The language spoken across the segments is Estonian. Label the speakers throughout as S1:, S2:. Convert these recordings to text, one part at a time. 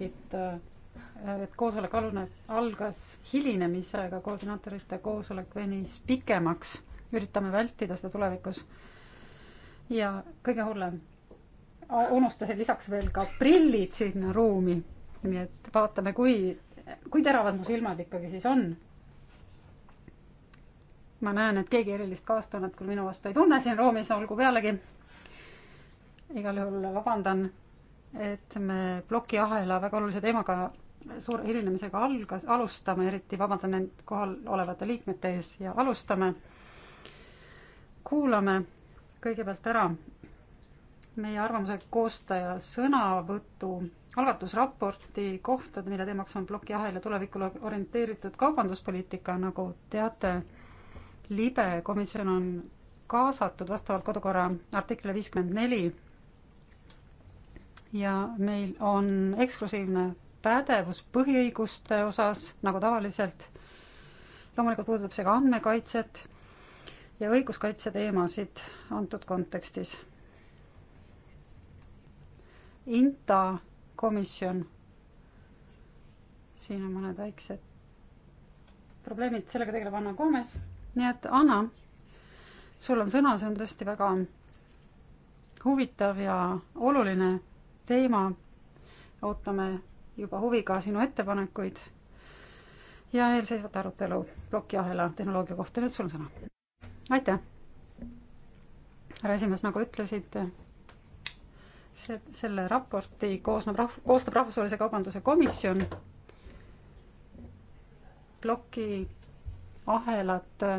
S1: et, äh, et koosolek alune, algas hilinemisega, koordinaatorite koosolek venis pikemaks, üritame vältida seda tulevikus. ja kõige hullem, unustasin lisaks veel ka prillid sinna ruumi, nii et vaatame, kui, kui teravad mu silmad ikkagi siis on ma näen, et keegi erilist kaastunnet küll minu vastu ei tunne siin ruumis, olgu pealegi. igal juhul vabandan et me plokiahela väga olulise teemaga suure hilinemisega algas, alustame, eriti vabandan end kohal olevate liikmete ees ja alustame. kuulame kõigepealt ära meie arvamuse koostaja sõnavõtu algatusraporti kohta, mille teemaks on plokiahel ja tulevikule orienteeritud kaubanduspoliitika, nagu teate, libe komisjon on kaasatud vastavalt kodukorra artiklile viiskümmend neli ja meil on eksklusiivne pädevus põhiõiguste osas, nagu tavaliselt. loomulikult puudutab see ka andmekaitset ja õiguskaitse teemasid antud kontekstis. INTA komisjon, siin on mõned väiksed probleemid, sellega tegeleb Anna Koomes, nii et Anna, sul on sõna, see on tõesti väga huvitav ja oluline teema. ootame juba huviga sinu ettepanekuid ja eelseisvat arutelu plokiahela tehnoloogia kohta, nüüd sul on sõna. aitäh! härra esimees, nagu ütlesite, see, selle raporti koosneb rahv-, koostab Rahvusvahelise Kaubanduse Komisjon, plokiahelat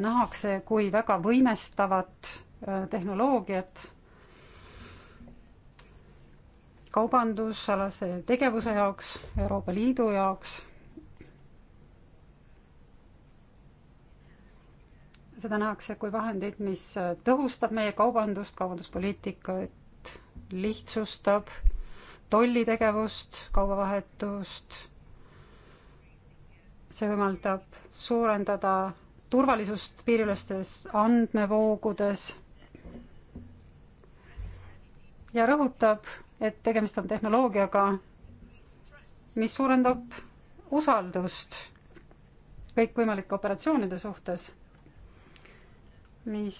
S1: nähakse kui väga võimestavat äh, tehnoloogiat kaubandusalase tegevuse jaoks, Euroopa Liidu jaoks. seda nähakse kui vahendit, mis tõhustab meie kaubandust, kaubanduspoliitikat, lihtsustab tollitegevust, kaubavahetust. see võimaldab suurendada turvalisust piiriülestes andmevoogudes ja rõhutab et tegemist on tehnoloogiaga, mis suurendab usaldust kõikvõimalike operatsioonide suhtes, mis,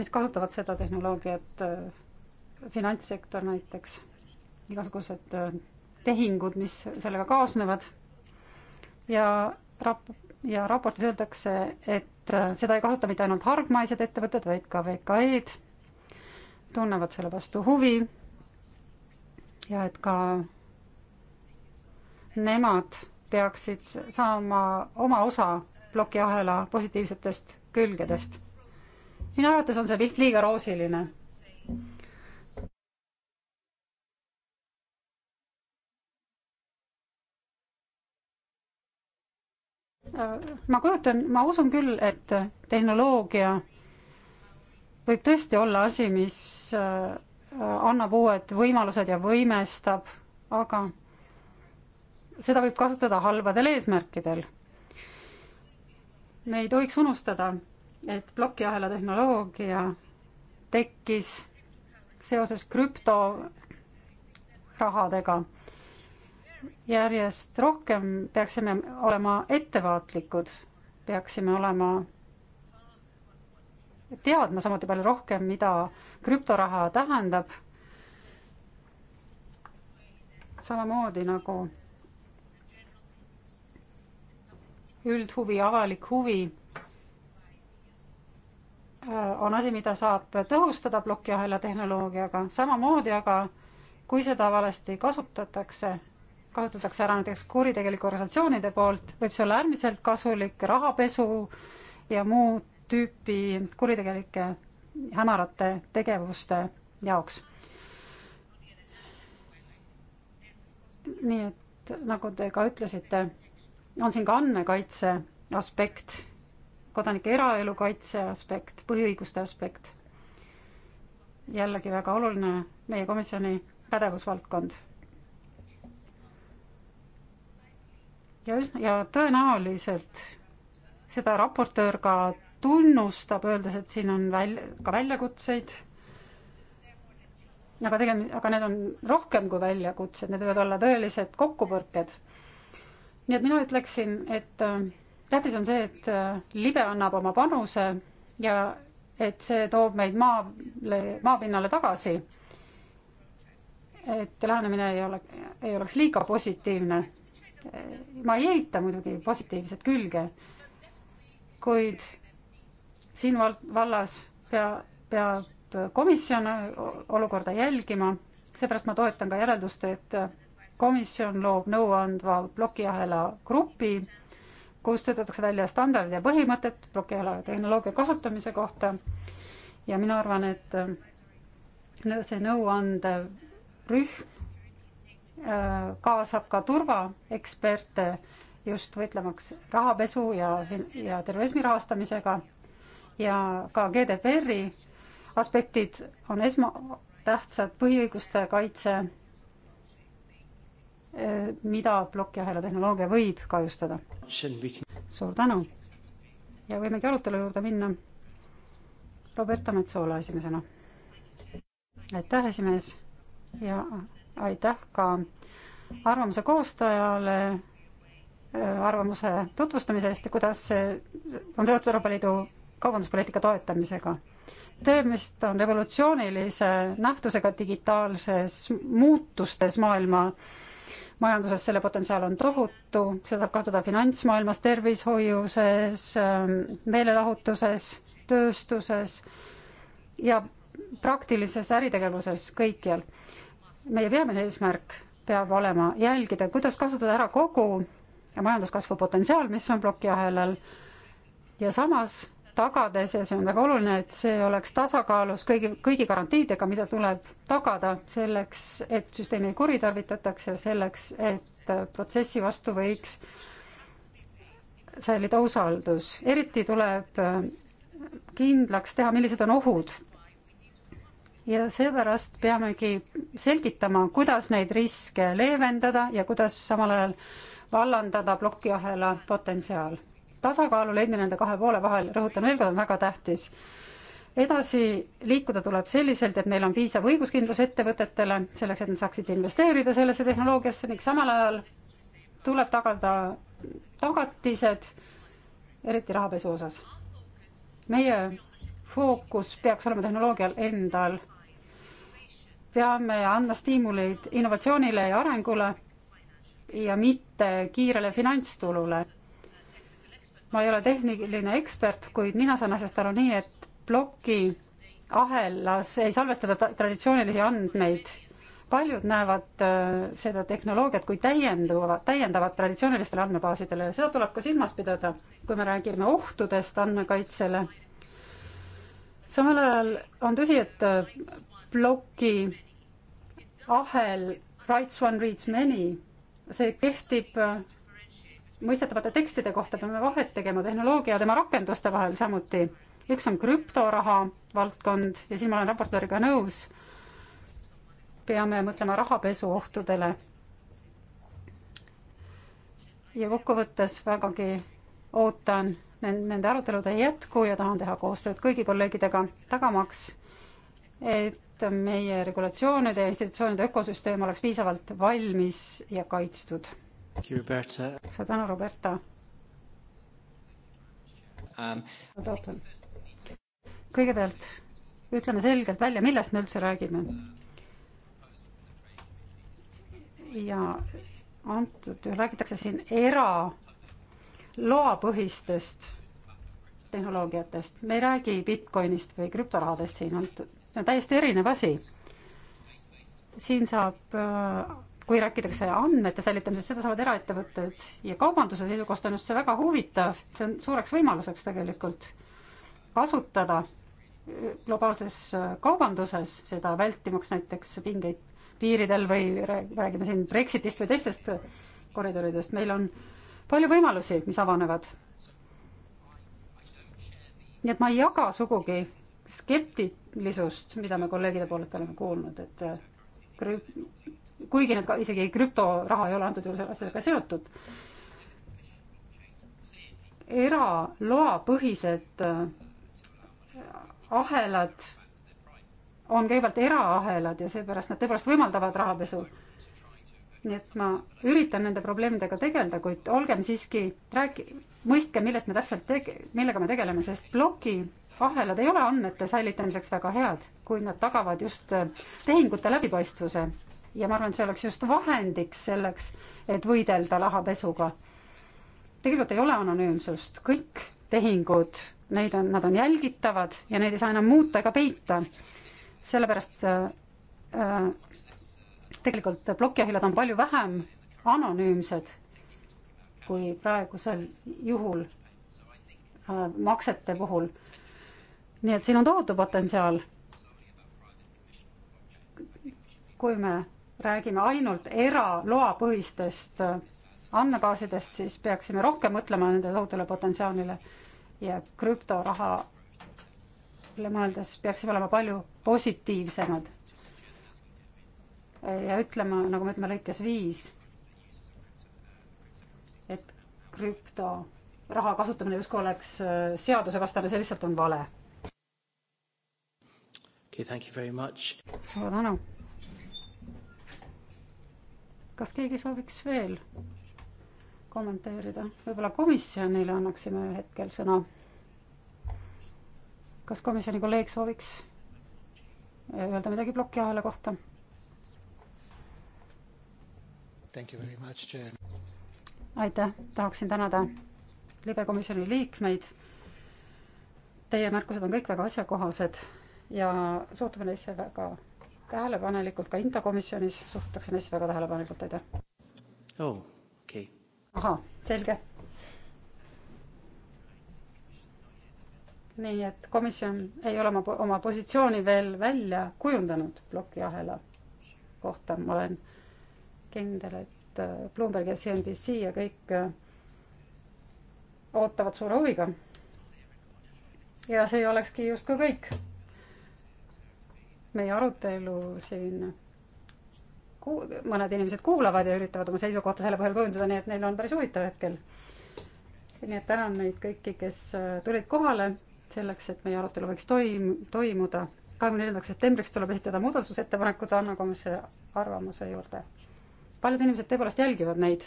S1: mis kasutavad seda tehnoloogiat, äh, finantssektor näiteks, igasugused äh, tehingud, mis sellega kaasnevad ja rap-, ja raportis öeldakse, et äh, seda ei kasuta mitte ainult hargmaised ettevõtted, vaid ka VKE-d tunnevad selle vastu huvi ja et ka nemad peaksid saama oma osa plokiahela positiivsetest külgedest. minu arvates on see pilt liiga roosiline. Äh, ma kujutan, ma usun küll, et tehnoloogia võib tõesti olla asi, mis äh, annab uued võimalused ja võimestab, aga seda võib kasutada halbadel eesmärkidel. me ei tohiks unustada, et plokiahela tehnoloogia tekkis seoses krüptorahadega. järjest rohkem peaksime olema ettevaatlikud, peaksime olema teadma samuti palju rohkem, mida krüptoraha tähendab. samamoodi nagu üldhuvi, avalik huvi äh, on asi, mida saab tõhustada plokiahela tehnoloogiaga, samamoodi aga kui seda valesti kasutatakse, kasutatakse ära näiteks kuritegelike organisatsioonide poolt, võib see olla äärmiselt kasulik rahapesu ja muud tüüpi kuritegelike hämarate tegevuste jaoks. nii et nagu te ka ütlesite, on siin ka andmekaitse aspekt, kodanike eraelu kaitse aspekt, põhiõiguste aspekt. jällegi väga oluline meie komisjoni pädevusvaldkond. ja üsna, ja tõenäoliselt seda raportöör ka tunnustab, öeldes, et siin on väl-, ka väljakutseid, aga tegem-, aga need on rohkem kui väljakutsed, need võivad olla tõelised kokkupõrked. nii et mina ütleksin, et äh, tähtis on see, et äh, libe annab oma panuse ja et see toob meid maale, maapinnale tagasi. et lähenemine ei ole, ei oleks liiga positiivne. ma ei eita muidugi positiivset külge, kuid siin val-, vallas pea, peab komisjon olukorda jälgima, seepärast ma toetan ka järeldust, et komisjon loob nõuandva plokiahela grupi, kus töötatakse välja standardid ja põhimõtted plokiahela tehnoloogia kasutamise kohta ja mina arvan, et see nõuandev rühm äh, kaasab ka turvaeksperte just võitlemaks rahapesu ja, ja terrorismi rahastamisega ja ka GDPR-i aspektid on esmatähtsad põhiõiguste kaitse, mida plokiahela tehnoloogia võib kahjustada. suur tänu ja võimegi arutelu juurde minna. Roberta Metsola esimesena. aitäh, esimees ja aitäh ka arvamuse koostajale äh, arvamuse tutvustamise eest ja kuidas see on seotud Euroopa Liidu kaubanduspoliitika toetamisega. tegemist on revolutsioonilise nähtusega digitaalses muutustes maailma majanduses, selle potentsiaal on tohutu, seda saab kasutada finantsmaailmas, tervishoiuses, ähm, meelelahutuses, tööstuses ja praktilises äritegevuses kõikjal. meie peamine eesmärk peab olema jälgida, kuidas kasutada ära kogu majanduskasvu potentsiaal, mis on plokiahelal ja samas tagades ja see on väga oluline, et see oleks tasakaalus kõigi, kõigi garantiidega, mida tuleb tagada selleks, et süsteemi ei kuritarvitataks ja selleks, et protsessi vastu võiks säilida usaldus. eriti tuleb kindlaks teha, millised on ohud. ja seepärast peamegi selgitama, kuidas neid riske leevendada ja kuidas samal ajal vallandada plokiahela potentsiaal tasakaalu leidmine nende kahe poole vahel, rõhutan veel kord, on väga tähtis. edasi liikuda tuleb selliselt, et meil on piisav õiguskindlus ettevõtetele, selleks et nad saaksid investeerida sellesse tehnoloogiasse ning samal ajal tuleb tagada tagatised, eriti rahapesu osas. meie fookus peaks olema tehnoloogial endal. peame andma stiimuleid innovatsioonile ja arengule ja mitte kiirele finantstulule ma ei ole tehniline ekspert, kuid mina saan asjast aru nii, et ploki ahelas ei salvestata traditsioonilisi andmeid. paljud näevad äh, seda tehnoloogiat kui täienduvat, täiendavat traditsioonilistele andmebaasidele ja seda tuleb ka silmas pidada, kui me räägime ohtudest andmekaitsele. samal ajal on tõsi, et äh, ploki ahel rights one reads many, see kehtib äh, mõistetavate tekstide kohta peame vahet tegema tehnoloogia ja tema rakenduste vahel samuti. üks on krüptoraha valdkond ja siin ma olen raportööriga nõus, peame mõtlema rahapesu ohtudele. ja kokkuvõttes vägagi ootan nende arutelude jätku ja tahan teha koostööd kõigi kolleegidega, tagamaks, et meie regulatsioonide ja institutsioonide ökosüsteem oleks piisavalt valmis ja kaitstud suur tänu, Roberta um.... kõigepealt ütleme selgelt välja, millest me üldse räägime. ja antud juhul räägitakse siin eraloapõhistest tehnoloogiatest, me ei räägi Bitcoinist või krüptorahadest siin antud, see on täiesti erinev asi. siin saab äh, kui räägitakse andmete säilitamisest, seda saavad eraettevõtted ja kaubanduse seisukohast on just see väga huvitav, see on suureks võimaluseks tegelikult kasutada globaalses kaubanduses seda vältimaks näiteks pingeid piiridel või räägime siin Brexitist või teistest koridoridest, meil on palju võimalusi, mis avanevad. nii et ma ei jaga sugugi skeptilisust, mida me kolleegide poolelt oleme kuulnud, et kuigi need ka isegi krüptoraha ei ole antud juhul selle, sellega seotud. eraloapõhised äh, ahelad on kõigepealt eraahelad ja seepärast nad tõepoolest võimaldavad rahapesu. nii et ma üritan nende probleemidega tegeleda, kuid olgem siiski, rääki-, mõistke, millest me täpselt tege-, millega me tegeleme, sest ploki ahelad ei ole andmete säilitamiseks väga head, kui nad tagavad just äh, tehingute läbipaistvuse ja ma arvan, et see oleks just vahendiks selleks, et võidelda rahapesuga. tegelikult ei ole anonüümsust, kõik tehingud, neid on, nad on jälgitavad ja neid ei saa enam muuta ega peita. sellepärast äh, äh tegelikult plokiahilad on palju vähem anonüümsed kui praegusel juhul äh, maksete puhul. nii et siin on tohutu potentsiaal kui me räägime ainult eraloapõhistest äh, andmebaasidest, siis peaksime rohkem mõtlema nende tohutule potentsiaalile ja krüptorahale mõeldes peaksime olema palju positiivsemad. ja ütlema, nagu me ütleme lõikes viis, et krüptoraha kasutamine justkui oleks äh, seadusevastane, see lihtsalt on vale.
S2: Okay, thank you very much.
S1: suur tänu kas keegi sooviks veel kommenteerida? võib-olla komisjonile annaksime hetkel sõna. kas komisjoni kolleeg sooviks öelda midagi plokiahela kohta? aitäh, tahaksin tänada libekomisjoni liikmeid. Teie märkused on kõik väga asjakohased ja suhtume neisse väga tähelepanelikult, ka infokomisjonis suhtutakse neisse väga tähelepanelikult, aitäh
S2: oh,. okei okay..
S1: ahah, selge. nii et komisjon ei ole oma, oma positsiooni veel välja kujundanud plokiahela kohta, ma olen kindel, et äh, Bloomberg ja CNBC ja kõik äh, ootavad suure huviga. ja see olekski justkui kõik meie arutelu siin ku-, mõned inimesed kuulavad ja üritavad oma seisukohta selle põhjal kujundada, nii et neil on päris huvitav hetkel. nii et tänan neid kõiki, kes äh, tulid kohale selleks, et meie arutelu võiks toim-, toimuda. kahekümne neljandaks septembriks tuleb esitada muudatusettepanekud Anna Komisjoni arvamuse juurde. paljud inimesed tõepoolest jälgivad meid.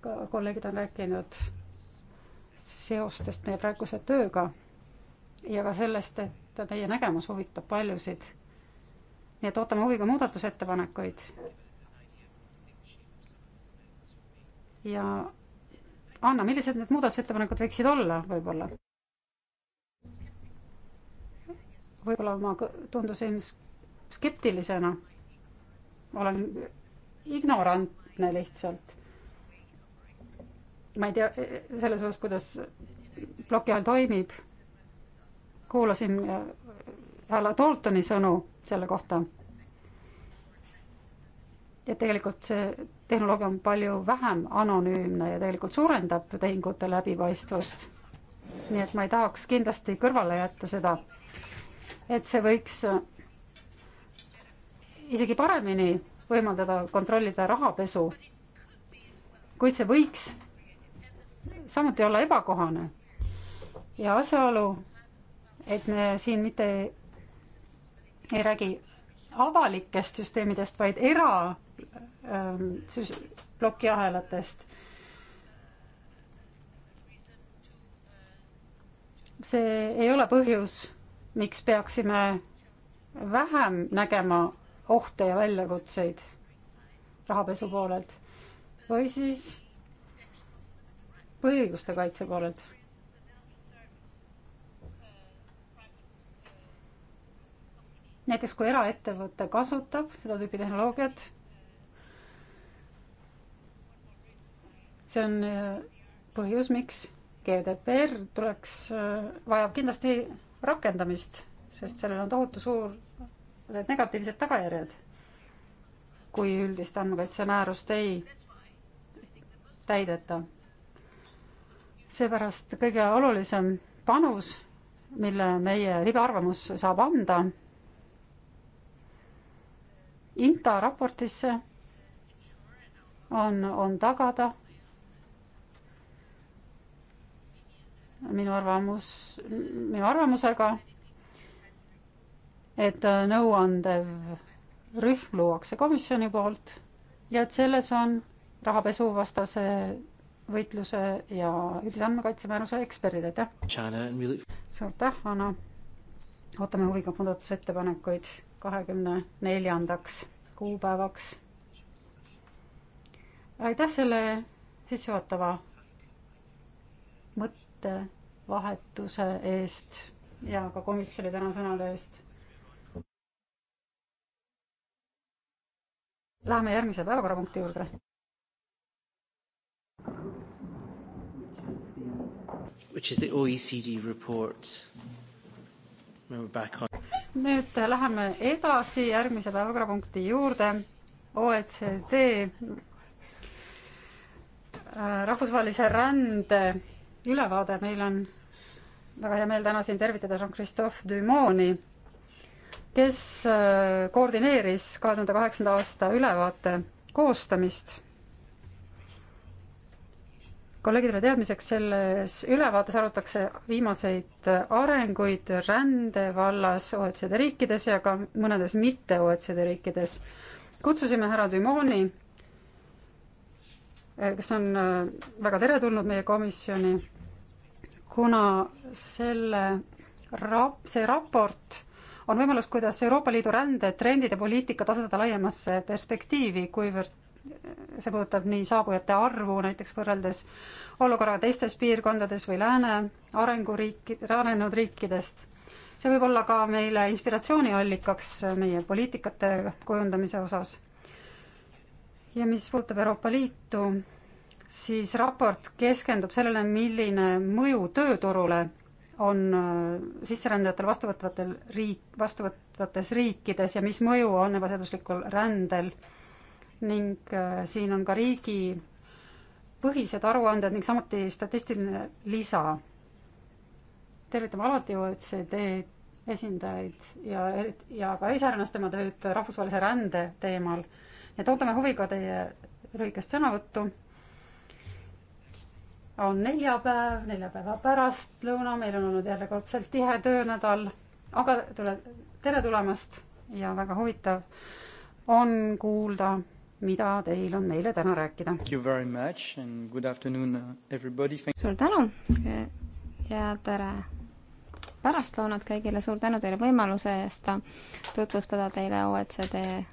S1: ka kolleegid on rääkinud seostest meie praeguse tööga ja ka sellest, et meie nägemus huvitab paljusid. nii et ootame huviga muudatusettepanekuid. ja Anna, millised need muudatusettepanekud võiksid olla võib-olla? võib-olla ma tundusin skeptilisena. olen ignorantne lihtsalt ma ei tea selles osas, kuidas plokiahel toimib. kuulasin härra äh, Daltoni sõnu selle kohta. et tegelikult see tehnoloogia on palju vähem anonüümne ja tegelikult suurendab tehingute läbipaistvust. nii et ma ei tahaks kindlasti kõrvale jätta seda, et see võiks äh, isegi paremini võimaldada kontrollida rahapesu. kuid see võiks samuti olla ebakohane. ja asjaolu, et me siin mitte ei räägi avalikest süsteemidest, vaid era ähm, plokiahelatest. see ei ole põhjus, miks peaksime vähem nägema ohte ja väljakutseid rahapesu poolelt või siis põhiõiguste kaitse pooled. näiteks kui eraettevõte kasutab seda tüüpi tehnoloogiat, see on äh, põhjus, miks GDPR tuleks, äh, vajab kindlasti rakendamist, sest sellel on tohutu suur need negatiivsed tagajärjed, kui üldist andmekaitsemäärust ei täideta seepärast kõige olulisem panus, mille meie libearvamus saab anda INTA raportisse, on, on tagada minu arvamus, minu arvamusega, et nõuandev rühm luuakse komisjoni poolt ja et selles on rahapesuvastase võitluse ja üldise andmekaitsemääruse eksperdid, aitäh! suur aitäh, Anna! ootame huviga muudatusettepanekuid kahekümne neljandaks kuupäevaks. aitäh selle sissejuhatava mõttevahetuse eest ja ka komisjoni tänasõnade eest Läheme järgmise päevakorrapunkti juurde
S2: which is the OECD report. Now we're back on.
S1: nüüd äh, läheme edasi järgmise päevakorrapunkti juurde, OECD äh, rahvusvahelise rände ülevaade, meil on väga hea meel täna siin tervitada Jean-Christophe Dumoni, kes äh, koordineeris kahe tuhande kaheksanda aasta ülevaate koostamist kolleegidele teadmiseks, selles ülevaates arutatakse viimaseid arenguid rände vallas OECD riikides ja ka mõnedes mitte OECD riikides. kutsusime härra Dumoni, kes on äh, väga teretulnud meie komisjoni, kuna selle rap-, see raport on võimalus, kuidas Euroopa Liidu rändetrendid ja poliitikad asetada laiemasse perspektiivi, kuivõrd see puudutab nii saabujate arvu näiteks võrreldes olukorraga teistes piirkondades või lääne arenguriiki, arenenud riikidest. see võib olla ka meile inspiratsiooniallikaks meie poliitikate kujundamise osas. ja mis puudutab Euroopa Liitu, siis raport keskendub sellele, milline mõju tööturule on äh, sisserändajatel vastuvõtvatel riik, vastuvõtvates riikides ja mis mõju on ebaseaduslikul rändel ning äh, siin on ka riigi põhised aruanded ning samuti statistiline lisa. tervitame alati OECD esindajaid ja, ja ka iseäranis tema tööd rahvusvahelise rände teemal. nii et ootame huviga teie lühikest sõnavõttu. on neljapäev, neljapäeva pärastlõuna, meil on olnud järjekordselt tihe töönädal, aga tule, tere tulemast ja väga huvitav on kuulda mida teil on meile täna rääkida. Uh, suur tänu
S3: ja tere pärastlõunat kõigile, suur tänu teile võimaluse eest tutvustada teile OECD uh,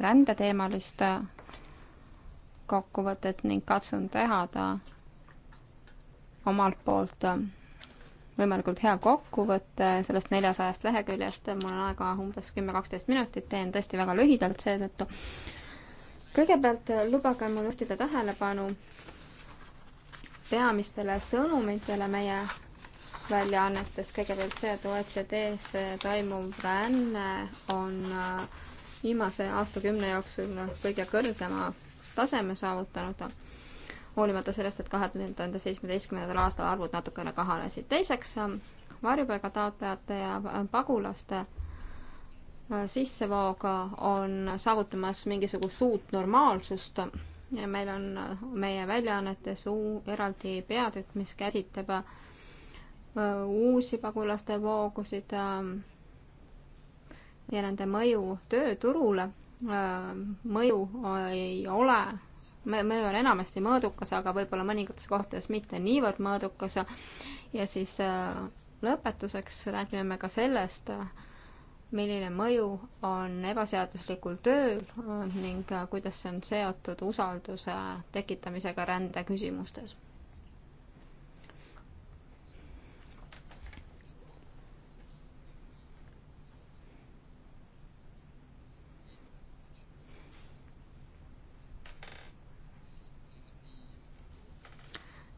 S3: rändeteemalist uh, kokkuvõtet ning katsun teha ta omalt poolt võimalikult hea kokkuvõte sellest neljasajast leheküljest, mul on aega umbes kümme-kaksteist minutit, teen tõesti väga lühidalt seetõttu kõigepealt äh, lubage mul juhtida tähelepanu peamistele sõnumitele meie väljaannetes. kõigepealt see, et OECD-s äh, toimuv ränne on äh, viimase aastakümne jooksul kõige kõrgema taseme saavutanud, hoolimata sellest, et kahe tuhande seitsmeteistkümnendal aastal arvud natukene kahanesid. teiseks, varjupaigataotlejate ja pagulaste sissevooga on saavutamas mingisugust uut normaalsust ja meil on meie väljaannetes eraldi peatükk, mis käsitleb äh, uusi pagulaste voogusid äh, ja nende mõju tööturule. Äh, mõju ei ole, mõju on enamasti mõõdukas, aga võib-olla mõningates kohtades mitte niivõrd mõõdukas. ja siis lõpetuseks räägime me ka sellest, milline mõju on ebaseaduslikul tööl äh, ning äh, kuidas see on seotud usalduse tekitamisega rändeküsimustes.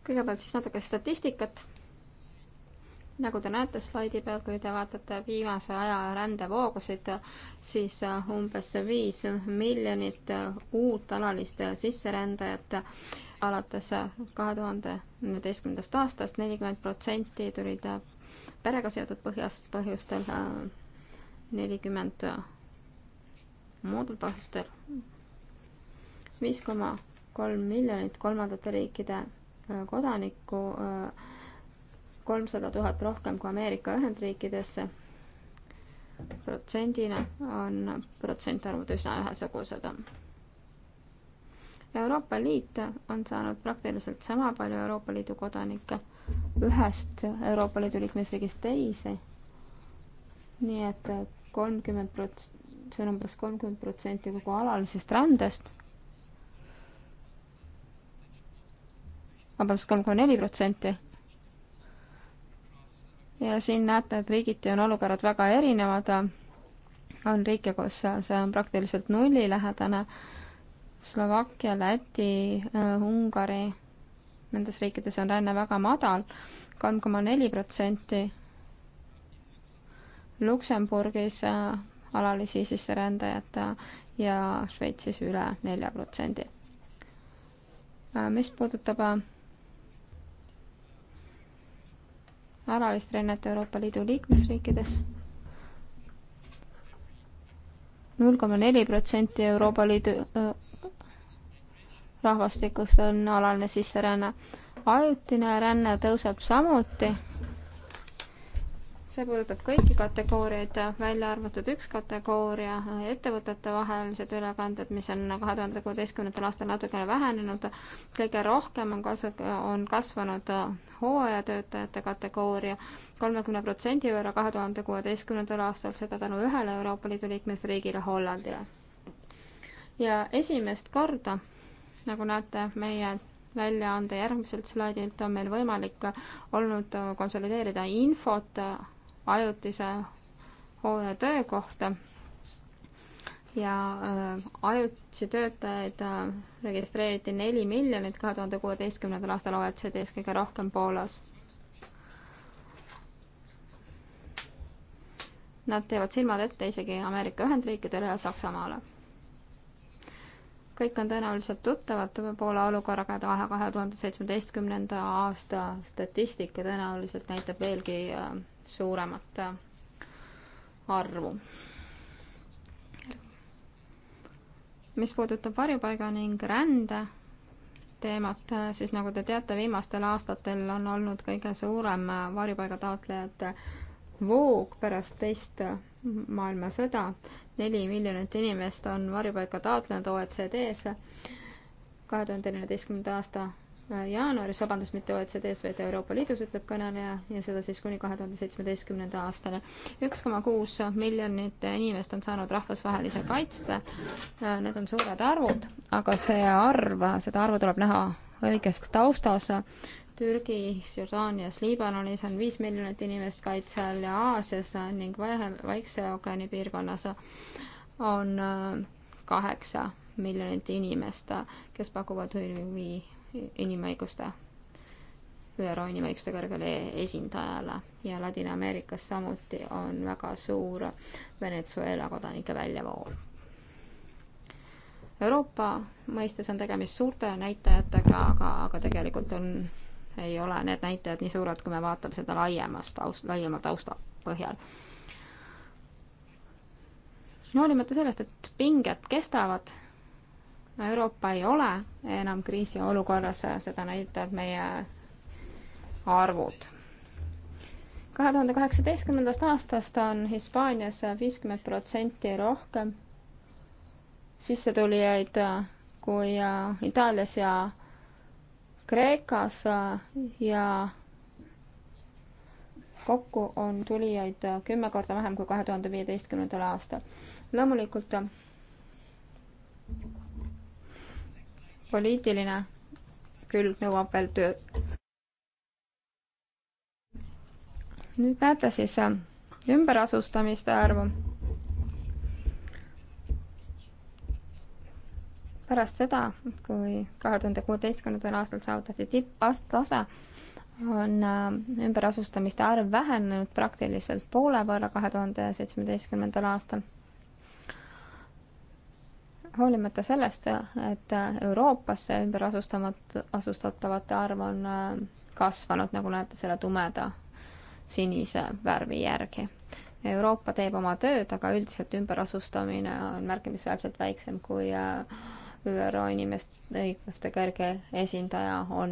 S3: kõigepealt siis natuke statistikat nagu te näete slaidi peal, kui te vaatate viimase aja rändevoogusid, siis äh, umbes viis miljonit äh, uut alalist äh, sisserändajat alates kahe tuhande üheteistkümnendast aastast, nelikümmend protsenti tulid perega seotud põhjast, põhjustel, nelikümmend muudel põhjustel, viis koma kolm miljonit kolmandate riikide kodanikku äh, kolmsada tuhat rohkem kui Ameerika Ühendriikidesse. protsendina on protsentarvud üsna ühesugused. Euroopa Liit on saanud praktiliselt sama palju Euroopa Liidu kodanikke ühest Euroopa Liidu liikmesriigist teise. nii et kolmkümmend prots-, see on umbes kolmkümmend protsenti kogu alalisest rändest vabandust, kolm koma neli protsenti ja siin näete, et riigiti on olukorrad väga erinevad. on riike, kus see on praktiliselt nullilähedane. Slovakkia, Läti, äh, Ungari, nendes riikides on ränne väga madal, kolm koma neli protsenti. Luksemburgis äh, alalisi sisserändajate äh, ja Šveitsis üle nelja protsendi. mis puudutab alalist rännet Euroopa Liidu liikmesriikides. null koma neli protsenti Euroopa Liidu äh, rahvastikust on alaline sisseränne. ajutine ränne tõuseb samuti see puudutab kõiki kategooriaid, välja arvatud üks kategooria, ettevõtete vahelised ülekanded, mis on nagu kahe tuhande kuueteistkümnendal aastal natukene vähenenud. kõige rohkem on kasu, on kasvanud hooajatöötajate kategooria kolmekümne protsendi võrra kahe tuhande kuueteistkümnendal aastal, seda tänu ühele Euroopa Liidu liikmesriigile, Hollandile. ja esimest korda, nagu näete, meie väljaande järgmiselt slaidilt on meil võimalik olnud konsolideerida infot ajutise hoone töökohta ja äh, ajutisi töötajaid äh, registreeriti neli miljonit kahe tuhande kuueteistkümnendal aastal OECD-s kõige rohkem Poolas. Nad teevad silmad ette isegi Ameerika Ühendriikidele ja Saksamaale kõik on tõenäoliselt tuttavad Poola olukorraga, kahe tuhande seitsmeteistkümnenda aasta statistika tõenäoliselt näitab veelgi äh, suuremat äh, arvu. mis puudutab varjupaiga ning rände teemat, äh, siis nagu te teate, viimastel aastatel on olnud kõige suurem varjupaigataotlejate voog pärast teist maailmasõda. neli miljonit inimest on varjupaika taotlenud OECD-s kahe tuhande neljateistkümnenda aasta äh, jaanuaris, vabandust, mitte OECD-s, vaid Euroopa Liidus, ütleb kõneleja, ja seda siis kuni kahe tuhande seitsmeteistkümnenda aastani. üks koma kuus miljonit inimest on saanud rahvusvahelise kaitste, äh, need on suured arvud, aga see arv, seda arvu tuleb näha õiges taustas, Türgis, Jordaanias, Liibanonis on viis miljonit inimest kaitse all ja Aasias ning Vahe, Vaikse ookeani piirkonnas on äh, kaheksa miljonit inimest, kes pakuvad HIV-i inimõiguste, ÜRO inimõiguste kõrgele esindajale ja Ladina-Ameerikas samuti on väga suur Venezuela kodanike väljavool. Euroopa mõistes on tegemist suurte näitajatega, aga, aga tegelikult on ei ole need näitajad nii suured, kui me vaatame seda laiemast taust, laiema tausta põhjal. hoolimata sellest, et pinged kestavad, Euroopa ei ole enam kriisiolukorras, seda näitavad meie arvud. kahe tuhande kaheksateistkümnendast aastast on Hispaanias viiskümmend protsenti rohkem sissetulijaid kui Itaalias ja Kreekas äh, ja kokku on tulijaid äh, kümme korda vähem kui kahe tuhande viieteistkümnendal aastal. loomulikult äh, poliitiline külg nõuab veel tööd. nüüd näete siis ümberasustamiste arvu pärast seda, kui kahe tuhande kuueteistkümnendal aastal saavutati tipptase, on äh, ümberasustamiste arv vähenenud praktiliselt poole võrra kahe tuhande seitsmeteistkümnendal aastal. hoolimata sellest, et Euroopasse ümberasustamat-, asustatavate arv on äh, kasvanud, nagu näete selle tumeda sinise värvi järgi Euroopa teeb oma tööd, aga üldiselt ümberasustamine on märkimisväärselt väiksem kui äh, ÜRO inimest, õiguste kõrge esindaja on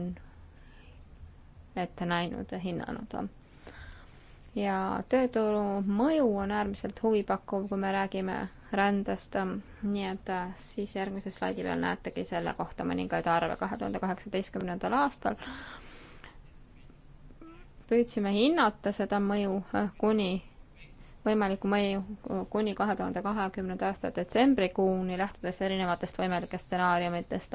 S3: ette näinud ja hinnanud. ja tööturu mõju on äärmiselt huvipakkuv, kui me räägime rändest, nii et äh, siis järgmise slaidi peal näetegi selle kohta mõningaid arve kahe tuhande kaheksateistkümnendal aastal püüdsime hinnata seda mõju äh, kuni võimalikku mõju kuni kahe tuhande kahekümnenda aasta detsembrikuuni, lähtudes erinevatest võimalikest stsenaariumitest.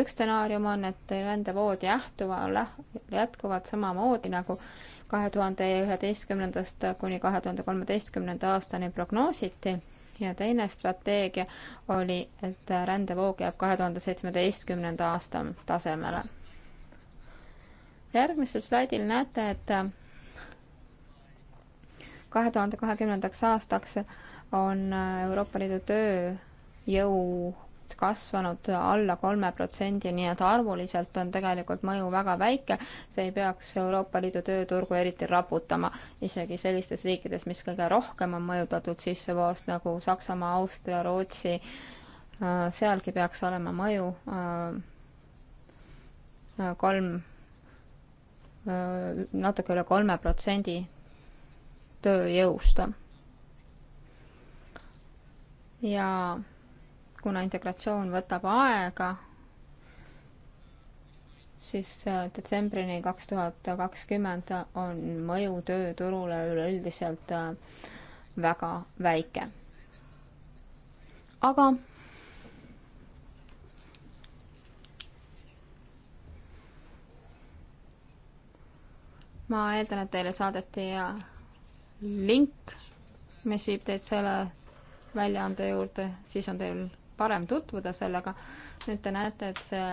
S3: üks stsenaarium on, et rändevood jähtuva, jätkuvad samamoodi nagu kahe tuhande üheteistkümnendast kuni kahe tuhande kolmeteistkümnenda aastani prognoositi ja teine strateegia oli, et rändevoog jääb kahe tuhande seitsmeteistkümnenda aasta tasemele. järgmisel slaidil näete, et kahe tuhande kahekümnendaks aastaks on Euroopa Liidu tööjõud kasvanud alla kolme protsendi, nii et arvuliselt on tegelikult mõju väga väike, see ei peaks Euroopa Liidu tööturgu eriti raputama. isegi sellistes riikides, mis kõige rohkem on mõjutatud sissevoost, nagu Saksamaa, Austria, Rootsi, äh, sealgi peaks olema mõju äh, kolm, äh, natuke üle kolme protsendi tööjõust. ja kuna integratsioon võtab aega, siis äh, detsembrini kaks tuhat kakskümmend on mõju tööturule üleüldiselt äh, väga väike. aga ma eeldan, et teile saadeti äh, link, mis viib teid selle väljaande juurde, siis on teil parem tutvuda sellega. nüüd te näete, et see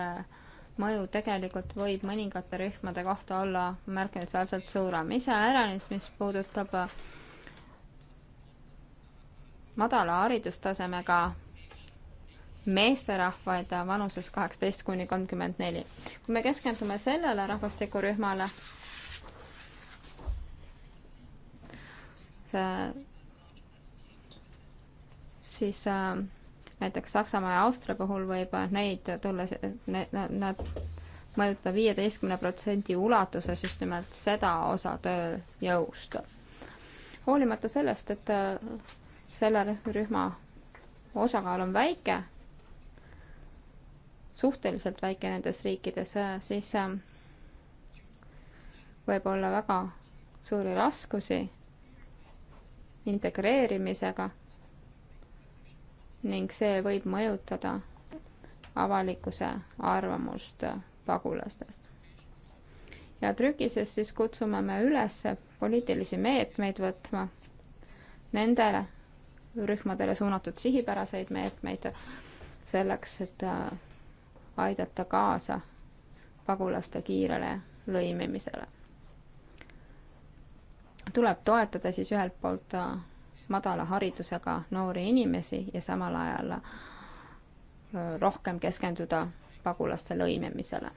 S3: mõju tegelikult võib mõningate rühmade kohta olla märkimisväärselt suurem. iseäranis, mis puudutab madala haridustasemega meesterahvaid vanuses kaheksateist kuni kolmkümmend neli. kui me keskendume sellele rahvastikurühmale, Äh, siis äh, näiteks Saksamaa ja Austria puhul võib neid tulla, nad mõjutada viieteistkümne protsendi ulatuses just nimelt seda osa tööjõust. hoolimata sellest, et äh, selle rühma osakaal on väike, suhteliselt väike nendes riikides, siis võib olla väga suuri raskusi integreerimisega ning see võib mõjutada avalikkuse arvamust pagulastest. ja trükises siis kutsume me üles poliitilisi meetmeid võtma, nendele rühmadele suunatud sihipäraseid meetmeid selleks, et äh, aidata kaasa pagulaste kiirele lõimimisele tuleb toetada siis ühelt poolt äh, madala haridusega noori inimesi ja samal ajal äh, rohkem keskenduda pagulaste lõimimisele.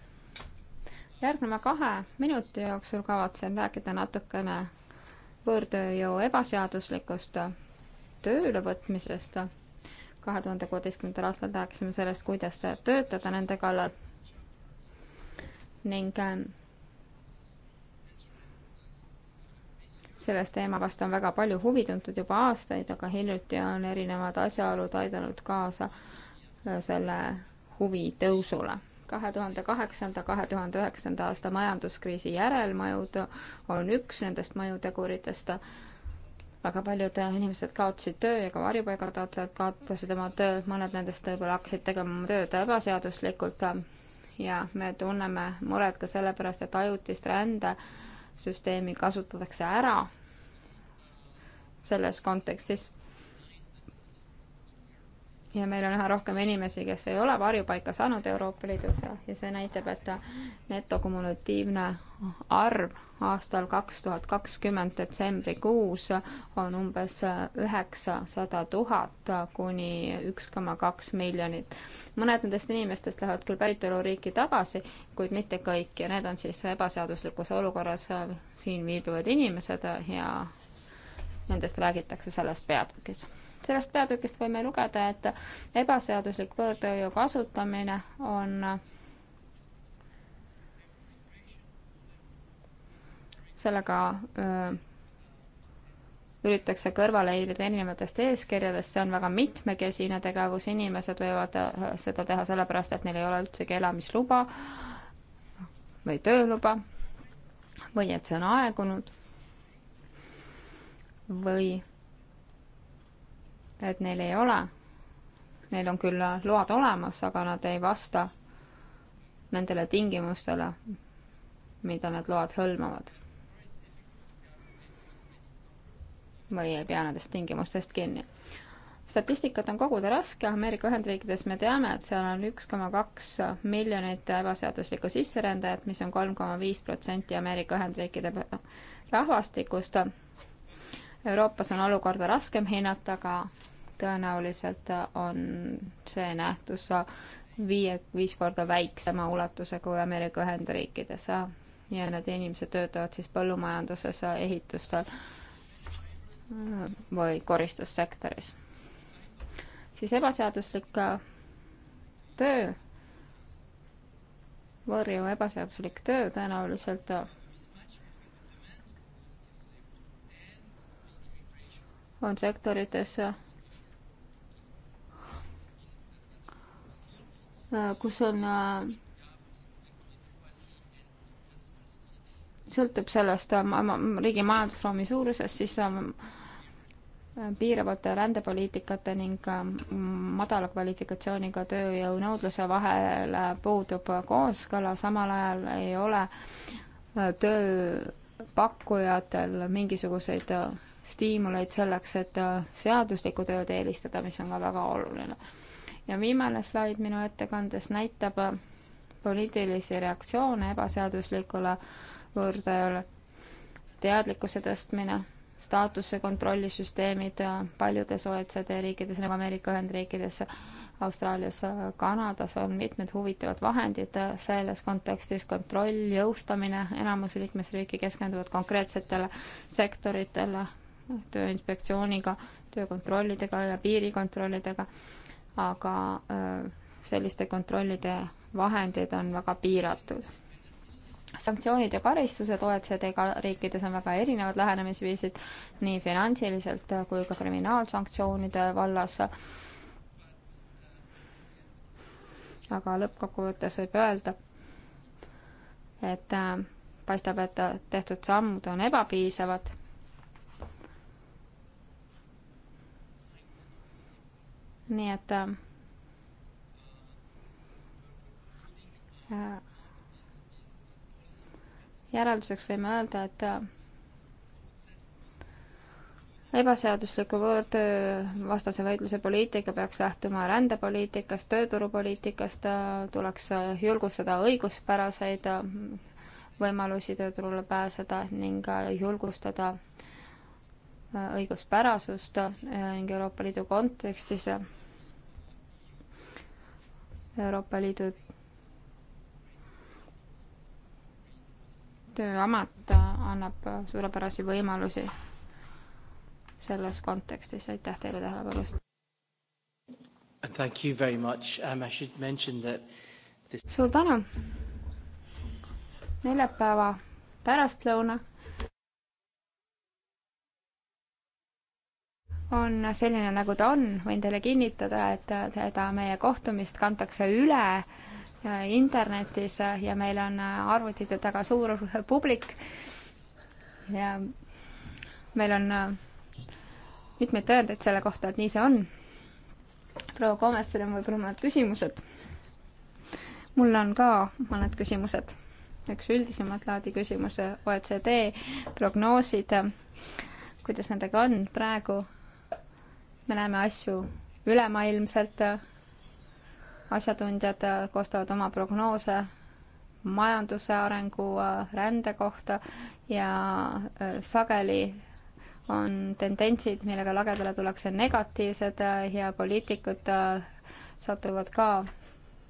S3: järgneva kahe minuti jooksul kavatsen rääkida natukene võõrtööjõu ebaseaduslikust töölevõtmisest. kahe tuhande kuueteistkümnendal aastal rääkisime sellest, kuidas töötada nende kallal ning äh, selles teema vastu on väga palju huvi tuntud juba aastaid, aga hiljuti on erinevad asjaolud aidanud kaasa äh, selle huvi tõusule. kahe tuhande kaheksanda, kahe tuhande üheksanda aasta majanduskriisi järelmõjud on üks nendest mõjuteguritest. väga paljud inimesed kaotasid töö ja ka varjupaigataotlejad kaotasid oma töö, mõned nendest võib-olla hakkasid tegema oma tööd ebaseaduslikult ja me tunneme muret ka sellepärast, et ajutist rände süsteemi kasutatakse ära selles kontekstis ja meil on üha rohkem inimesi, kes ei ole varjupaika saanud Euroopa Liidus ja see näitab, et netokumulatiivne arv aastal kaks tuhat kakskümmend detsembrikuus on umbes üheksasada tuhat kuni üks koma kaks miljonit. mõned nendest inimestest lähevad küll päritoluriiki tagasi, kuid mitte kõik ja need on siis ebaseaduslikus olukorras siin viibivad inimesed ja nendest räägitakse selles peatükis sellest peatükist võime lugeda, et ebaseaduslik võõrtööjõu kasutamine on sellega öö, üritatakse kõrvale hiilida erinevatest eeskirjadest, see on väga mitmekesine tegevus, inimesed võivad seda teha sellepärast, et neil ei ole üldsegi elamisluba või tööluba või et see on aegunud või et neil ei ole, neil on küll load olemas, aga nad ei vasta nendele tingimustele, mida need load hõlmavad. või ei pea nendest tingimustest kinni. statistikat on koguda raske, Ameerika Ühendriikides me teame, et seal on üks koma kaks miljonit ebaseaduslikku sisserändajat, mis on kolm koma viis protsenti Ameerika Ühendriikide rahvastikust. Euroopas on olukorda raskem hinnata, aga tõenäoliselt on see nähtus viie, viis korda väiksema ulatuse kui Ameerika Ühendriikides. ja need inimesed töötavad siis põllumajanduses, ehitustel või koristussektoris. siis ebaseaduslik töö, võõrjõu ebaseaduslik töö tõenäoliselt on sektorites Äh, kus on äh, sõltub sellest äh, riigi majandusruumi suurusest, siis piiravate rändepoliitikate ning madala kvalifikatsiooniga tööjõu nõudluse vahel puudub kooskõla, samal ajal ei ole tööpakkujatel mingisuguseid stiimuleid selleks, et seaduslikku tööd eelistada, mis on ka väga oluline ja viimane slaid minu ettekandes näitab äh, poliitilisi reaktsioone ebaseaduslikule võõrtööle. teadlikkuse tõstmine, staatuse kontrollisüsteemid äh, paljudes OECD riikides nagu Ameerika Ühendriikides, Austraalias, äh, Kanadas on mitmed huvitavad vahendid selles kontekstis, kontroll, jõustamine, enamus liikmesriike keskenduvad konkreetsetele sektoritele, tööinspektsiooniga, töökontrollidega ja piirikontrollidega aga selliste kontrollide vahendid on väga piiratud. sanktsioonid ja karistused OECD riikides on väga erinevad lähenemisviisid nii finantsiliselt kui ka kriminaalsanktsioonide vallas. aga lõppkokkuvõttes võib öelda, et paistab, et tehtud sammud on ebapiisavad nii et äh, äh, järelduseks võime öelda, et äh, ebaseadusliku võõrtöö vastase võitluse poliitika peaks lähtuma rändepoliitikast, tööturupoliitikast äh,, tuleks äh, julgustada õiguspäraseid äh, võimalusi tööturule pääseda ning julgustada õiguspärasust ning Euroopa Liidu kontekstis Euroopa Liidu tööamet annab suurepärasi võimalusi selles kontekstis, aitäh teile tähelepanu eest!
S2: Thank you very much. Um, I should mention that
S3: this... suur tänu! neljapäeva pärastlõuna on selline, nagu ta on, võin teile kinnitada, et seda meie kohtumist kantakse üle äh, internetis äh, ja meil on äh, arvutite taga suur publik ja meil on mitmeid tõendeid selle kohta, et nii see on. proua Komestel on võib-olla mõned küsimused. mul on ka mõned küsimused. üks üldisemat laadi küsimus, OECD prognoosid, kuidas nendega on praegu me näeme asju ülemaailmselt, asjatundjad koostavad oma prognoose majanduse arengu rände kohta ja äh, sageli on tendentsid, millega lagedale tullakse negatiivsed ja poliitikud äh, satuvad ka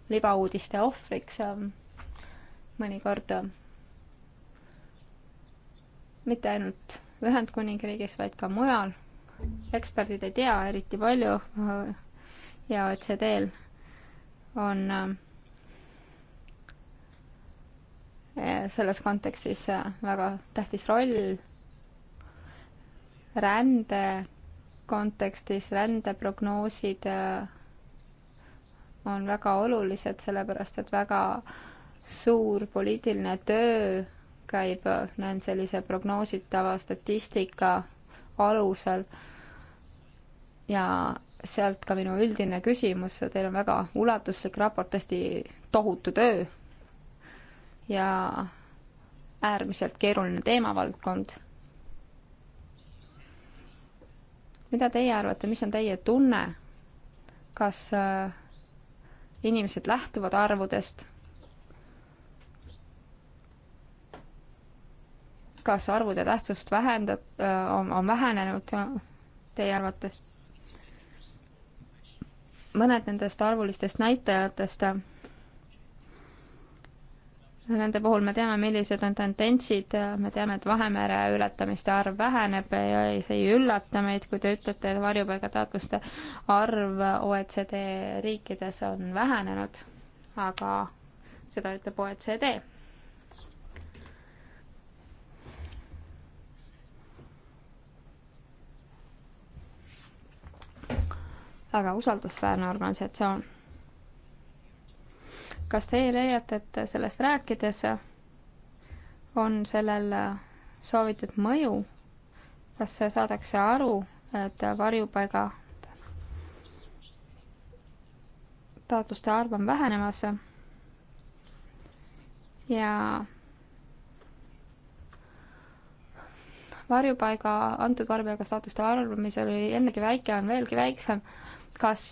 S3: libauudiste ohvriks äh, mõnikord. mitte ainult Ühendkuningriigis, vaid ka mujal eksperdid ei tea eriti palju ja OECD-l on äh, selles kontekstis äh, väga tähtis roll rände kontekstis, rändeprognoosid äh, on väga olulised, sellepärast et väga suur poliitiline töö käib sellise prognoositava statistika alusel. ja sealt ka minu üldine küsimus, teil on väga ulatuslik raport, tõesti tohutu töö ja äärmiselt keeruline teemavaldkond. mida teie arvate, mis on teie tunne, kas äh, inimesed lähtuvad arvudest kas arvude tähtsust vähendab, äh, on, on vähenenud äh, teie arvates? mõned nendest arvulistest näitajatest, äh, nende puhul me teame, millised on tendentsid, me teame, et Vahemere ületamiste arv väheneb ja see ei üllata meid, kui te ütlete, et varjupaigataotluste arv OECD riikides on vähenenud, aga seda ütleb OECD väga usaldusväärne organisatsioon. kas teie leiate, et sellest rääkides on sellel soovitud mõju? kas saadakse aru, et varjupaiga taotluste arv on vähenemas ja varjupaiga, antud varjupaiga staatuste arv, mis oli ennegi väike, on veelgi väiksem. kas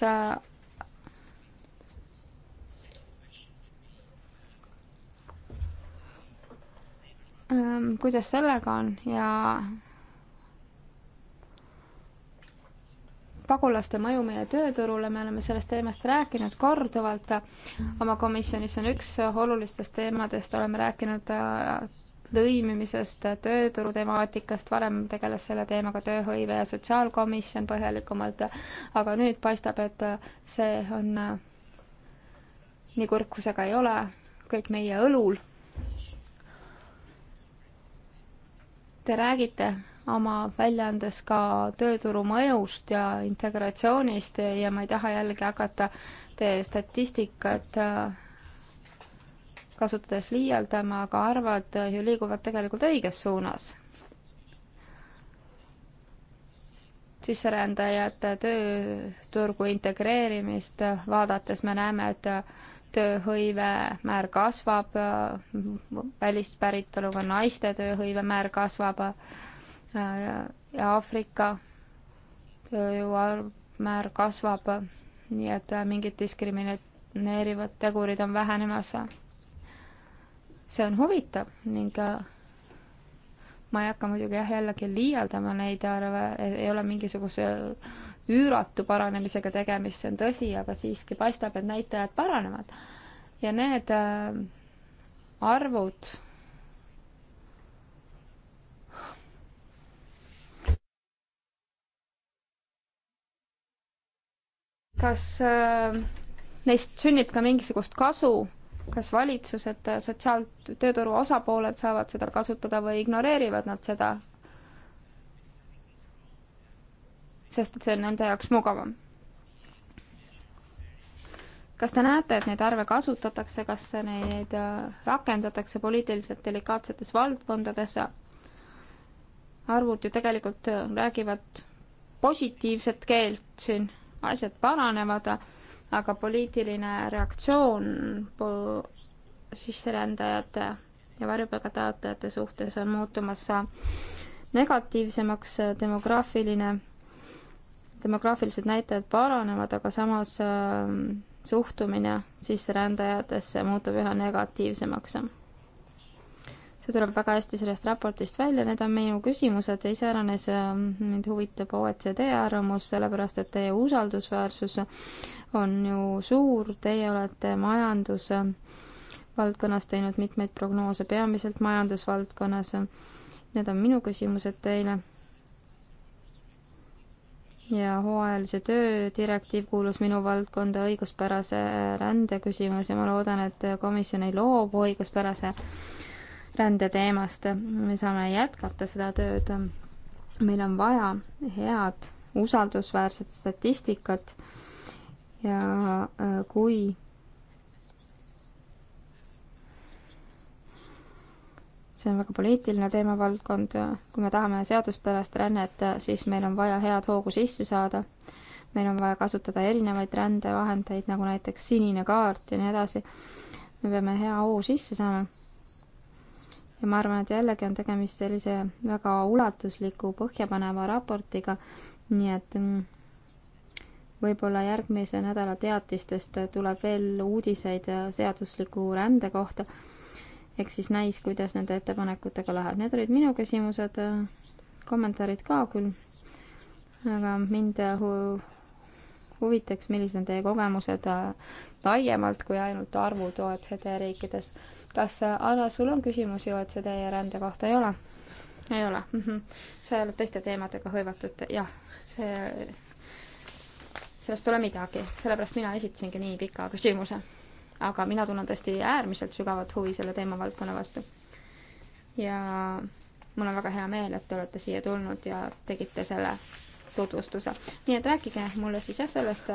S3: ähm, kuidas sellega on ja pagulaste mõju meie tööturule, me oleme sellest teemast rääkinud korduvalt. oma komisjonis on üks olulistest teemadest, oleme rääkinud äh, lõimimisest, tööturu temaatikast, varem tegeles selle teemaga tööhõive ja sotsiaalkomisjon põhjalikumalt, aga nüüd paistab, et see on, nii kurb kui see ka ei ole, kõik meie õlul. Te räägite oma väljaandes ka tööturu mõjust ja integratsioonist ja ma ei taha jällegi hakata teie statistikat äh, kasutades liialdama, aga arvad ju liiguvad tegelikult õiges suunas. sisserändajate tööturgu integreerimist vaadates me näeme, et tööhõive määr kasvab, välispäritoluga naiste tööhõive määr kasvab ja Aafrika tööjõu määr kasvab, nii et mingid diskrimineerivad tegurid on vähenemas see on huvitav ning äh, ma ei hakka muidugi jah, jällegi liialdama neid arve, ei ole mingisuguse üüratu paranemisega tegemist, see on tõsi, aga siiski paistab, et näitajad paranevad. ja need äh, arvud kas äh, neist sünnib ka mingisugust kasu kas valitsused, sotsiaal-, tööturu osapooled saavad seda kasutada või ignoreerivad nad seda, sest et see on nende jaoks mugavam. kas te näete, et neid arve kasutatakse, kas neid äh, rakendatakse poliitiliselt delikaatsetes valdkondades? arvud ju tegelikult äh, räägivad positiivset keelt siin, asjad paranevad aga poliitiline reaktsioon po sisserändajate ja varjupaiga taotlejate suhtes on muutumas negatiivsemaks, demograafiline, demograafilised näitajad paranevad, aga samas ähm, suhtumine sisserändajatesse muutub üha negatiivsemaks see tuleb väga hästi sellest raportist välja, need on minu küsimused ja iseäranis äh, mind huvitab OECD arvamus, sellepärast et teie usaldusväärsus on ju suur, teie olete majandus äh, valdkonnas teinud mitmeid prognoose, peamiselt majandusvaldkonnas. Need on minu küsimused teile. ja hooajalise töö direktiiv kuulus minu valdkonda õiguspärase äh, rände küsimus ja ma loodan, et komisjon ei loobu õiguspärase rändeteemast. me saame jätkata seda tööd. meil on vaja head usaldusväärset statistikat ja äh, kui see on väga poliitiline teemavaldkond, kui me tahame seaduspärast rännet, siis meil on vaja head hoogu sisse saada. meil on vaja kasutada erinevaid rändevahendeid, nagu näiteks sinine kaart ja nii edasi. me peame hea hoo sisse saama ja ma arvan, et jällegi on tegemist sellise väga ulatusliku põhjapaneva raportiga, nii et mm, võib-olla järgmise nädala teatistest tuleb veel uudiseid seadusliku rände kohta. eks siis näis, kuidas nende ettepanekutega läheb. Need olid minu küsimused, kommentaarid ka küll, aga mind hu huvitaks, millised on teie kogemused äh, laiemalt kui ainult arvud OECD riikides kas, äh, Anna, sul on küsimusi OECD ja rände kohta, ei ole? ei ole mm? -hmm. sa oled teiste teemadega hõivatud, jah, see, sellest pole midagi, sellepärast mina esitasingi nii pika küsimuse. aga mina tunnen tõesti äärmiselt sügavat huvi selle teemavaldkonna vastu. ja mul on väga hea meel, et te olete siia tulnud ja tegite selle tutvustuse. nii et rääkige mulle siis jah, sellest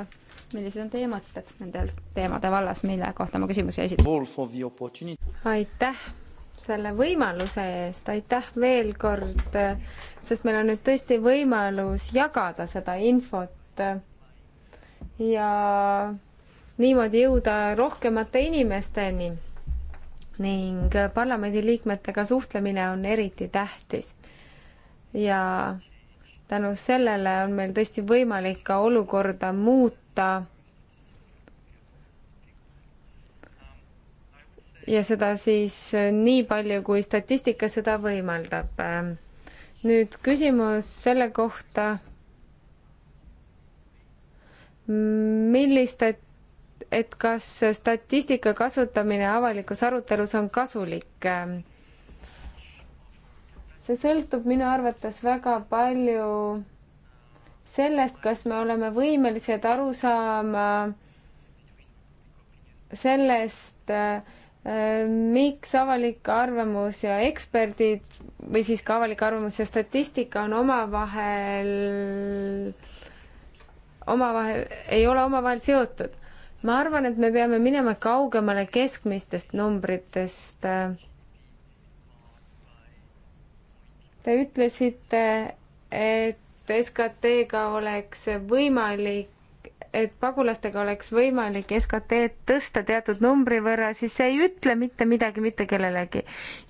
S3: millised on teie mõtted nendel teemade vallas, mille kohta ma küsimusi esitasin?
S4: aitäh selle võimaluse eest, aitäh veel kord, sest meil on nüüd tõesti võimalus jagada seda infot ja niimoodi jõuda rohkemate inimesteni ning parlamendiliikmetega suhtlemine on eriti tähtis. ja tänu sellele on meil tõesti võimalik ka olukorda muuta kohta. ja seda siis nii palju, kui statistika seda võimaldab. nüüd küsimus selle kohta, millist, et, et kas statistika kasutamine avalikus arutelus on kasulik see sõltub minu arvates väga palju sellest, kas me oleme võimelised aru saama sellest, äh, miks avalik arvamus ja eksperdid või siis ka avalik arvamus ja statistika on omavahel, omavahel, ei ole omavahel seotud. ma arvan, et me peame minema kaugemale keskmistest numbritest. Te ütlesite, et koostööd SKT-ga oleks võimalik et pagulastega oleks võimalik SKT-d tõsta teatud numbri võrra, siis see ei ütle mitte midagi mitte kellelegi.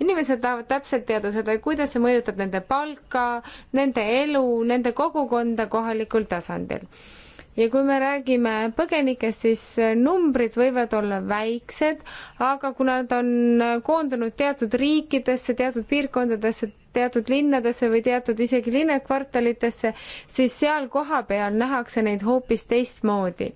S4: inimesed tahavad täpselt teada seda, kuidas see mõjutab nende palka, nende elu, nende kogukonda kohalikul tasandil ja kui me räägime põgenikest, siis äh, numbrid võivad olla väiksed, aga kuna nad on äh, koondunud teatud riikidesse, teatud piirkondadesse, teatud linnadesse või teatud isegi linnakvartalitesse, siis seal kohapeal nähakse neid hoopis teistmoodi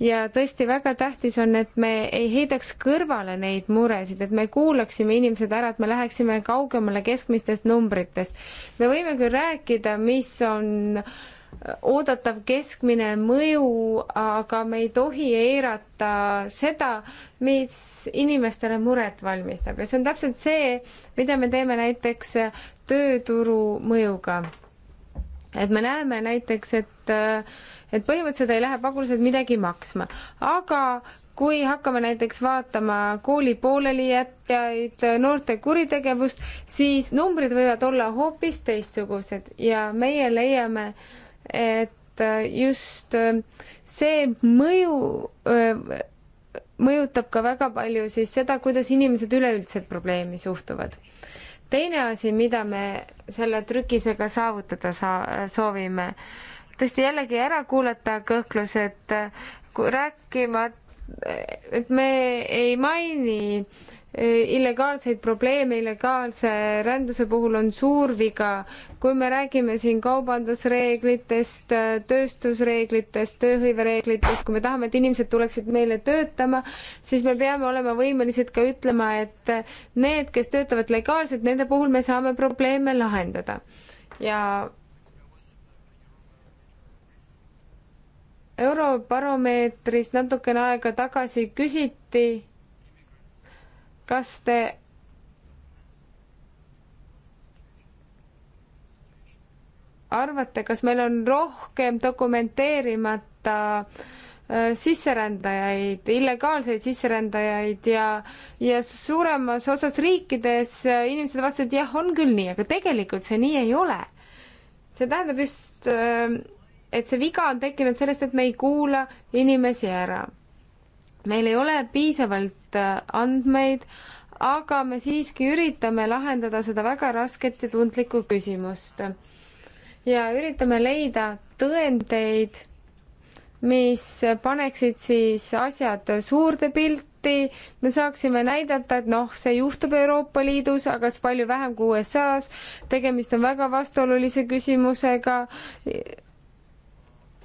S4: ja tõesti väga tähtis on, et me ei heidaks kõrvale neid muresid, et me kuulaksime inimesed ära, et me läheksime kaugemale keskmistest numbritest. me võime küll rääkida, mis on äh, oodatav keskmine mõju, aga me ei tohi eirata seda, mis inimestele muret valmistab ja see on täpselt see, mida me teeme näiteks tööturu mõjuga. et me näeme näiteks, et, et põhimõtteliselt ei lähe pagulased midagi maksma, aga kui hakkame näiteks vaatama kooli poolelijätjaid, noorte kuritegevust, siis numbrid võivad olla hoopis teistsugused ja meie leiame, et äh, just äh, see mõju äh, mõjutab ka väga palju siis seda, kuidas inimesed üleüldiselt probleemi suhtuvad. teine asi, mida me selle trükisega saavutada saa-, soovime, tõesti jällegi ära kuulata kõhklused, rääkima, et me ei maini äh, illegaalseid probleeme illegaalse ränduse puhul on suur viga. kui me räägime siin kaubandusreeglitest, tööstusreeglitest, tööhõivereeglitest, kui me tahame, et inimesed tuleksid meile töötama, siis me peame olema võimelised ka ütlema, et need, kes töötavad legaalselt, nende puhul me saame probleeme lahendada. ja Eurobaromeetris natukene aega tagasi küsiti kas te arvate, kas meil on rohkem dokumenteerimata äh, sisserändajaid, illegaalseid sisserändajaid ja, ja suuremas osas riikides äh, inimesed vastasid, jah, on küll nii, aga tegelikult see nii ei ole. see tähendab just, äh, et see viga on tekkinud sellest, et me ei kuula inimesi ära meil ei ole piisavalt äh, andmeid, aga me siiski üritame lahendada seda väga rasket ja tundlikku küsimust. ja üritame leida tõendeid, mis paneksid siis asjad suurde pilti, me saaksime näidata, et noh, see juhtub Euroopa Liidus, aga palju vähem kui USA-s, tegemist on väga vastuolulise küsimusega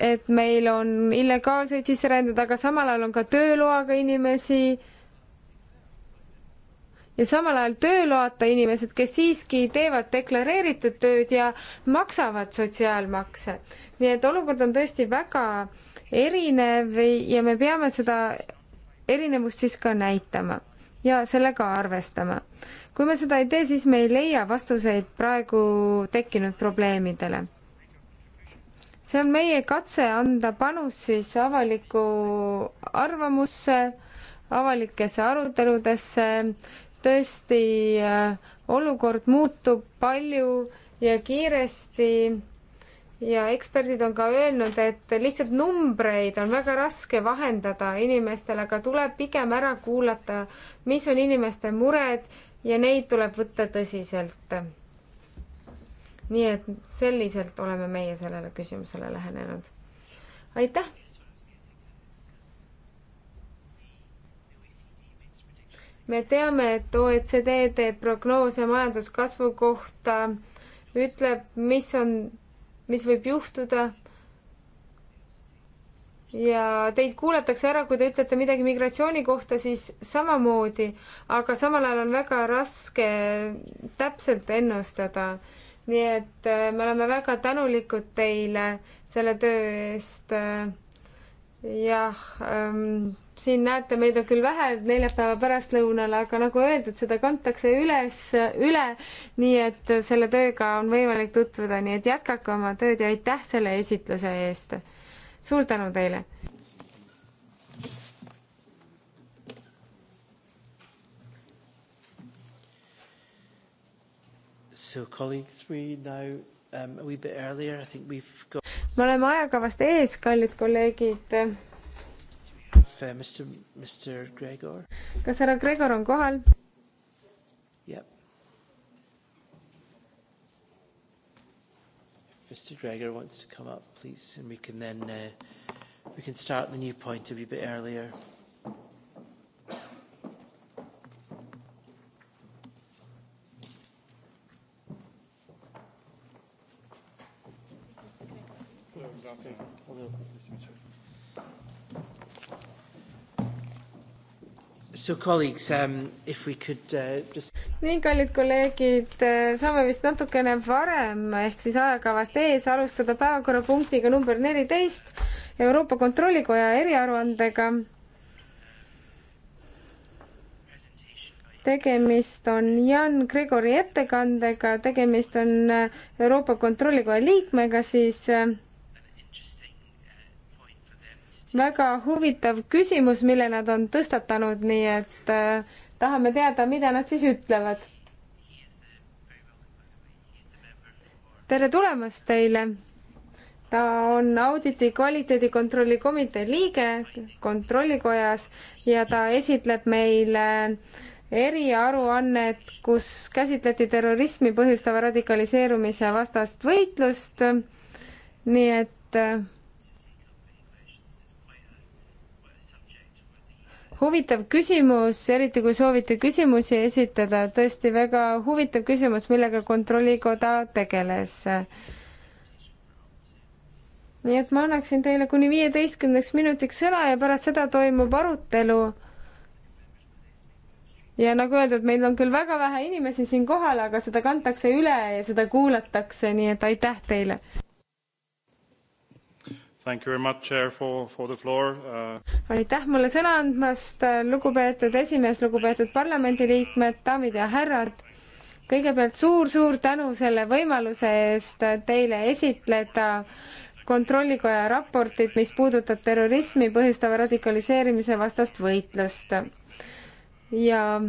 S4: et meil on illegaalseid sisserändeid, aga samal ajal on ka tööloaga inimesi ja samal ajal tööloata inimesed, kes siiski teevad deklareeritud tööd ja maksavad sotsiaalmakse. nii et olukord on tõesti väga erinev ja me peame seda erinevust siis ka näitama ja sellega arvestama. kui me seda ei tee, siis me ei leia vastuseid praegu tekkinud probleemidele see on meie katse anda panus siis avalikku arvamusse, avalikesse aruteludesse, tõesti äh, olukord muutub palju ja kiiresti ja eksperdid on ka öelnud, et lihtsalt numbreid on väga raske vahendada inimestele, aga tuleb pigem ära kuulata, mis on inimeste mured ja neid tuleb võtta tõsiselt nii et selliselt oleme meie sellele küsimusele lähenenud. aitäh! me teame, et OECD teeb prognoose majanduskasvu kohta, ütleb, mis on, mis võib juhtuda. ja teid kuulatakse ära, kui te ütlete midagi migratsiooni kohta, siis samamoodi, aga samal ajal on väga raske täpselt ennustada nii et äh, me oleme väga tänulikud teile selle töö eest. Äh, jah ähm,, siin näete, meid on küll vähe neljapäeva pärastlõunal, aga nagu öeldud, seda kantakse üles, üle, nii et äh, selle tööga on võimalik tutvuda, nii et jätkake oma tööd ja aitäh selle esitluse eest. suur tänu teile!
S2: So colleagues, we now um, a wee bit earlier, I think we've got
S4: me oleme ajakavast ees, kallid kolleegid. Uh,
S2: Mr, Mr Gregor.
S4: kas härra Gregor on kohal?
S2: Yep. Mr Gregor wants to come up, please, and we can then uh, we can start the new point a wee bit earlier. So colleagues, um, if we could uh, just...
S4: nii, kallid kolleegid, äh, saame vist natukene varem ehk siis ajakavast ees alustada päevakorrapunktiga number neliteist, Euroopa Kontrollikoja eriaruandega. tegemist on Jan Gregori ettekandega, tegemist on äh, Euroopa Kontrollikoja liikmega siis äh, väga huvitav küsimus, mille nad on tõstatanud, nii et äh, tahame teada, mida nad siis ütlevad. tere tulemast teile. ta on auditi kvaliteedikontrolli komitee liige kontrollikojas ja ta esitleb meile eriaruannet, kus käsitleti terrorismi põhjustava radikaliseerumise vastast võitlust. nii et äh, huvitav küsimus, eriti kui soovite küsimusi esitada, tõesti väga huvitav küsimus, millega Kontrollikoda tegeles. nii et ma annaksin teile kuni viieteistkümneks minutiks sõna ja pärast seda toimub arutelu. ja nagu öeldud, meil on küll väga vähe inimesi siin kohal, aga seda kantakse üle ja seda kuulatakse, nii et aitäh teile
S2: Much, Chair, for, for uh...
S4: aitäh mulle sõna andmast, lugupeetud esimees, lugupeetud parlamendiliikmed, daamid ja härrad. kõigepealt suur-suur tänu selle võimaluse eest teile esitleda kontrollikoja raportit, mis puudutab terrorismi põhjustava radikaliseerimise vastast võitlust. ja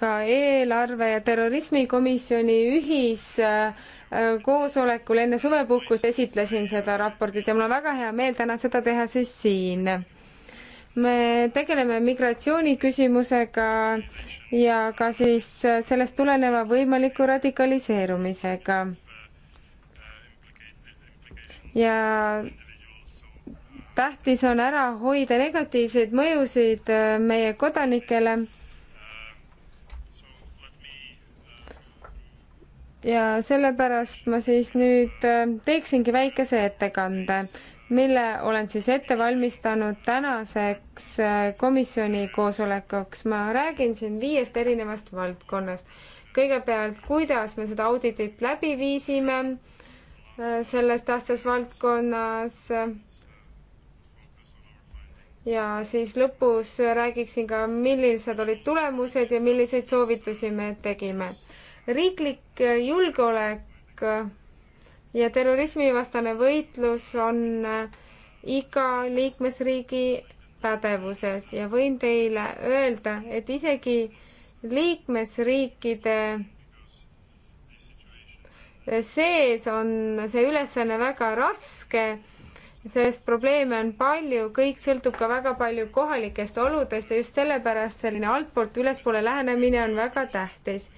S4: ka eelarve ja terrorismikomisjoni ühis äh, Äh, koosolekul enne suvepuhkust esitlesin seda raportit ja mul on väga hea meel täna seda teha siis siin. me tegeleme migratsiooniküsimusega ja ka siis äh, sellest tuleneva võimaliku radikaliseerumisega. ja tähtis on ära hoida negatiivseid mõjusid äh, meie kodanikele ja sellepärast ma siis nüüd äh, teeksingi väikese ettekande, mille olen siis ette valmistanud tänaseks äh, komisjoni koosolekuks. ma räägin siin viiest erinevast valdkonnast. kõigepealt, kuidas me seda auditit läbi viisime äh, selles tähtsas valdkonnas. ja siis lõpus räägiksin ka, millised olid tulemused ja milliseid soovitusi me tegime riiklik äh, julgeolek äh, ja terrorismivastane võitlus on äh, iga liikmesriigi pädevuses ja võin teile öelda, et isegi liikmesriikide sees on see ülesanne väga raske, sest probleeme on palju, kõik sõltub ka väga palju kohalikest oludest ja just sellepärast selline altpoolt ülespoole lähenemine on väga tähtis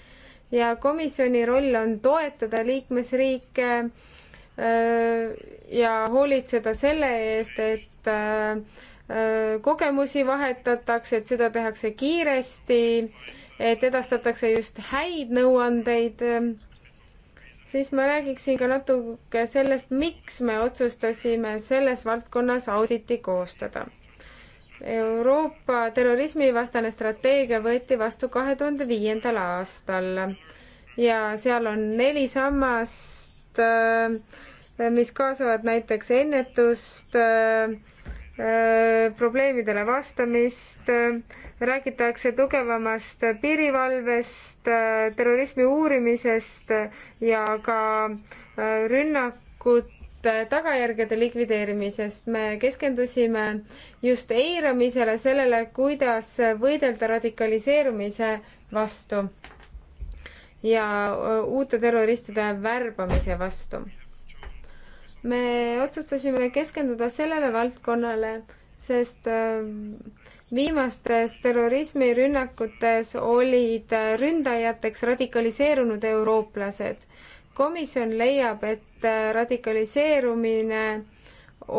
S4: ja komisjoni roll on toetada liikmesriike äh, ja hoolitseda selle eest, et äh, äh, kogemusi vahetatakse, et seda tehakse kiiresti, et edastatakse just häid nõuandeid, siis ma räägiksin ka natuke sellest, miks me otsustasime selles valdkonnas auditi koostada Euroopa terrorismivastane strateegia võeti vastu kahe tuhande viiendal aastal ja seal on neli sammast, äh, mis kaasavad näiteks ennetust, äh, äh, probleemidele vastamist, räägitakse tugevamast piirivalvest, terrorismi uurimisest ja ka rünnakut tagajärgede likvideerimisest. me keskendusime just eiramisele, sellele, kuidas võidelda radikaliseerumise vastu ja uute terroristide värbamise vastu. me otsustasime keskenduda sellele valdkonnale, sest viimastes terrorismirünnakutes olid ründajateks radikaliseerunud eurooplased komisjon leiab, et radikaliseerumine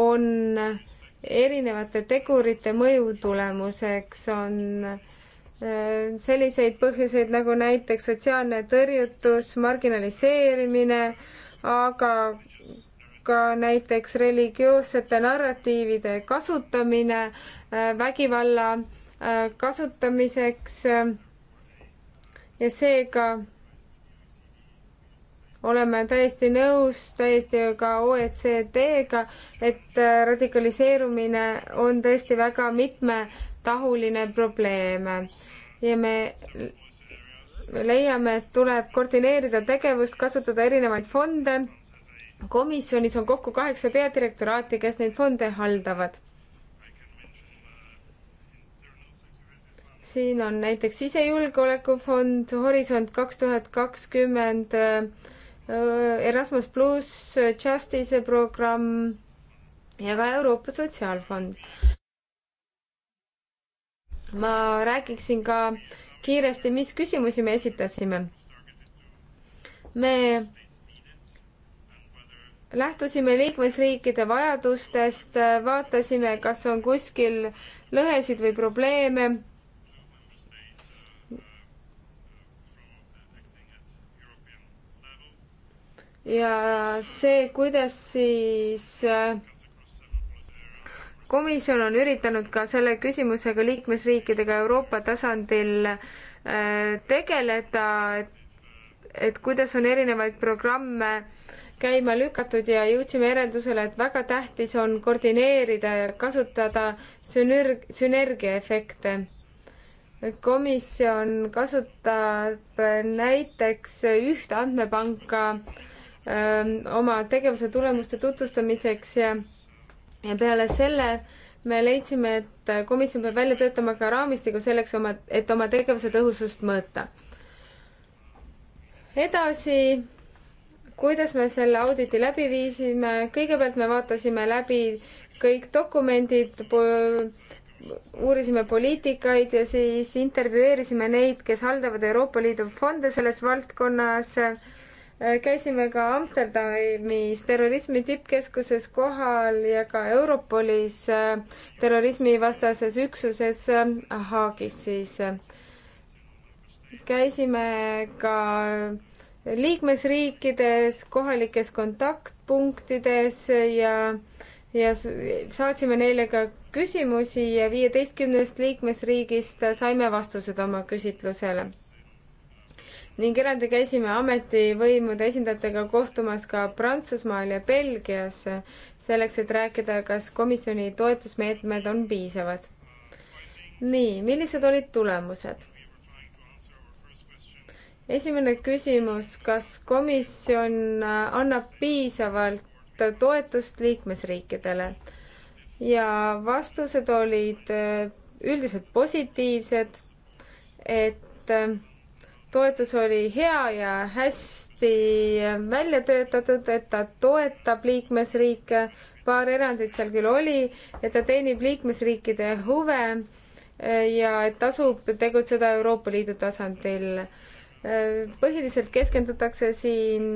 S4: on erinevate tegurite mõju tulemuseks, on äh, selliseid põhjuseid nagu näiteks sotsiaalne tõrjutus, marginaliseerimine, aga ka näiteks religioossete narratiivide kasutamine äh, vägivalla äh, kasutamiseks ja seega ka oleme täiesti nõus, täiesti ka OECD-ga, et äh, radikaliseerumine on tõesti väga mitmetahuline probleem ja me leiame, et tuleb koordineerida tegevust, kasutada erinevaid fonde. komisjonis on kokku kaheksa peadirektoraati, kes neid fonde haldavad. siin on näiteks sisejulgeolekufond, Horisont kaks tuhat kakskümmend äh, Äh, Erasmus pluss, Justice'i programm ja ka Euroopa Sotsiaalfond. ma räägiksin ka kiiresti, mis küsimusi me esitasime. me lähtusime liikmesriikide vajadustest, vaatasime, kas on kuskil lõhesid või probleeme ja see, kuidas siis äh, komisjon on üritanud ka selle küsimusega liikmesriikidega Euroopa tasandil äh, tegeleda, et, et kuidas on erinevaid programme käima lükatud ja jõudsime järeldusele, et väga tähtis on koordineerida ja kasutada sünerg-, sünergiaefekte. komisjon kasutab näiteks ühte andmepanka äh, Ähm, oma tegevuse tulemuste tutvustamiseks ja, ja peale selle me leidsime, et komisjon peab välja töötama ka raamistiku selleks oma, et oma tegevuse tõhusust mõõta. edasi, kuidas me selle auditi läbi viisime, kõigepealt me vaatasime läbi kõik dokumendid, uurisime poliitikaid ja siis intervjueerisime neid, kes haldavad Euroopa Liidu fonde selles valdkonnas Äh, käisime ka Amsterdamis terrorismi tippkeskuses kohal ja ka Europolis äh, terrorismivastases üksuses äh, Haagis siis. käisime ka liikmesriikides, kohalikes kontaktpunktides ja, ja saatsime neile ka küsimusi ja viieteistkümnest liikmesriigist saime vastused oma küsitlusele ning eraldi käisime ametivõimude esindajatega kohtumas ka Prantsusmaal ja Belgias, selleks et rääkida, kas komisjoni toetusmeetmed on piisavad. nii, millised olid tulemused? esimene küsimus, kas komisjon äh, annab piisavalt toetust liikmesriikidele? ja vastused olid äh, üldiselt positiivsed, et äh, toetus oli hea ja hästi välja töötatud, et ta toetab liikmesriike, paar erandit seal küll oli, et ta teenib liikmesriikide huve ja et tasub tegutseda Euroopa Liidu tasandil. põhiliselt keskendutakse siin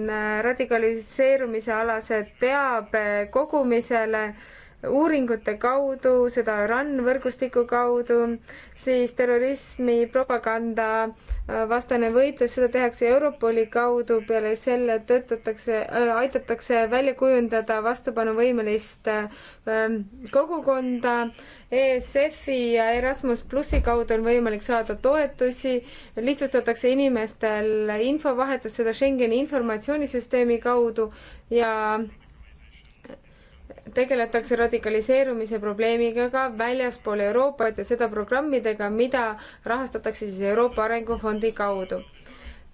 S4: radikaliseerumise alase teabe kogumisele uuringute kaudu, seda RAN võrgustiku kaudu, siis terrorismi propaganda äh, vastane võitlus, seda tehakse Europoli kaudu, peale selle töötatakse äh,, aidatakse välja kujundada vastupanuvõimelist äh, kogukonda. ESF-i ja Erasmus plussi kaudu on võimalik saada toetusi, lihtsustatakse inimestel infovahetust, seda Schengeni informatsioonisüsteemi kaudu ja tegeletakse radikaliseerumise probleemiga ka väljaspool Euroopat ja seda programmidega, mida rahastatakse siis Euroopa Arengufondi kaudu.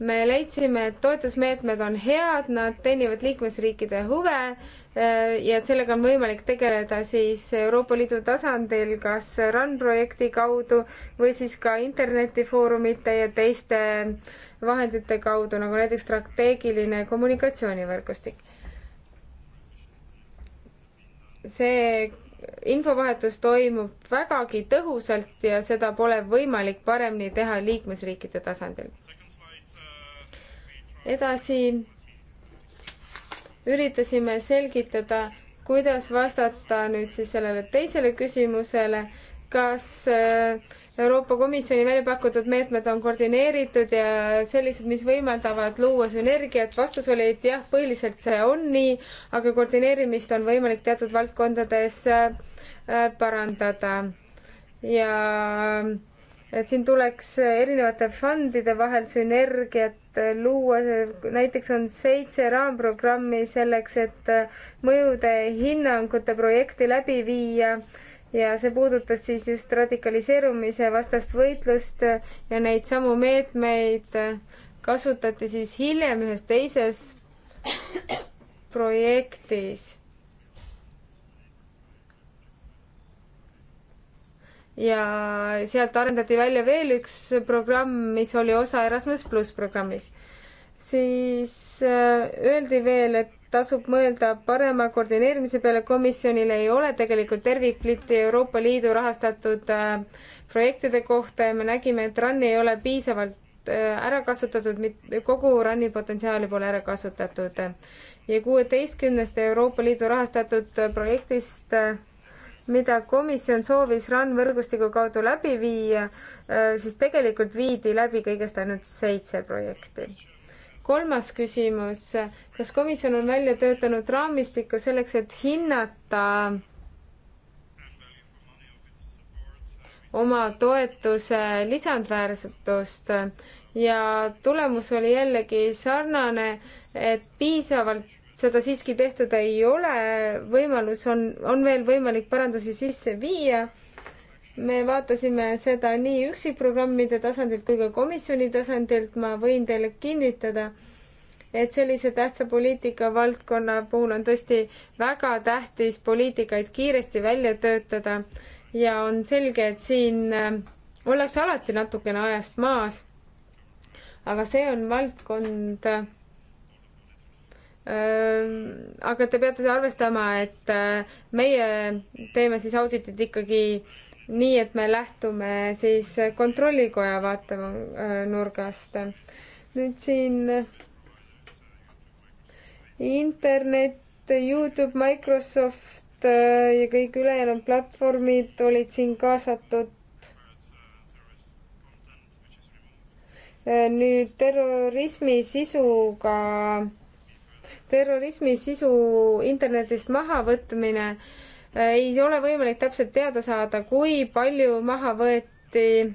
S4: me leidsime, et toetusmeetmed on head, nad teenivad liikmesriikide huve äh, ja et sellega on võimalik tegeleda siis Euroopa Liidu tasandil kas RAN projekti kaudu või siis ka internetifoorumite ja teiste vahendite kaudu, nagu näiteks strateegiline kommunikatsioonivõrgustik see infovahetus toimub vägagi tõhusalt ja seda pole võimalik paremini teha liikmesriikide tasandil. edasi üritasime selgitada, kuidas vastata nüüd siis sellele teisele küsimusele, kas Euroopa Komisjoni välja pakutud meetmed on koordineeritud ja sellised, mis võimaldavad luua sünergiat. vastus oli, et jah, põhiliselt see on nii, aga koordineerimist on võimalik teatud valdkondades äh, parandada. ja et siin tuleks erinevate fondide vahel sünergiat luua, näiteks on seitse raamprogrammi selleks, et äh, mõjude hinnangute projekti läbi viia ja see puudutas siis just radikaliseerumise vastast võitlust ja neid samu meetmeid kasutati siis hiljem ühes teises projektis. ja sealt arendati välja veel üks programm, mis oli osa Erasmus pluss programmist. siis äh, öeldi veel, et tasub mõelda parema koordineerimise peale, komisjonil ei ole tegelikult tervikpilti Euroopa Liidu rahastatud äh, projektide kohta ja me nägime, et RAN ei ole piisavalt äh, ära kasutatud, kogu RAN-i potentsiaali pole ära kasutatud. ja kuueteistkümnest Euroopa Liidu rahastatud äh, projektist, mida komisjon soovis RAN võrgustiku kaudu läbi viia, siis tegelikult viidi läbi kõigest ainult seitse projekti kolmas küsimus, kas komisjon on välja töötanud raamistikku selleks, et hinnata oma toetuse lisandväärsetust ja tulemus oli jällegi sarnane, et piisavalt seda siiski tehtud ei ole, võimalus on, on veel võimalik parandusi sisse viia me vaatasime seda nii üksikprogrammide tasandilt kui ka komisjoni tasandilt, ma võin teile kinnitada, et sellise tähtsa poliitikavaldkonna puhul on tõesti väga tähtis poliitikaid kiiresti välja töötada ja on selge, et siin äh, ollakse alati natukene ajast maas. aga see on valdkond äh, aga te peate arvestama, et äh, meie teeme siis auditit ikkagi nii et me lähtume siis kontrollikoja vaatenurgast. Äh, nüüd siin internet, Youtube, Microsoft äh, ja kõik ülejäänud platvormid olid siin kaasatud. Äh, nüüd terrorismi sisuga, terrorismi sisu internetist mahavõtmine ei ole võimalik täpselt teada saada, kui palju maha võeti.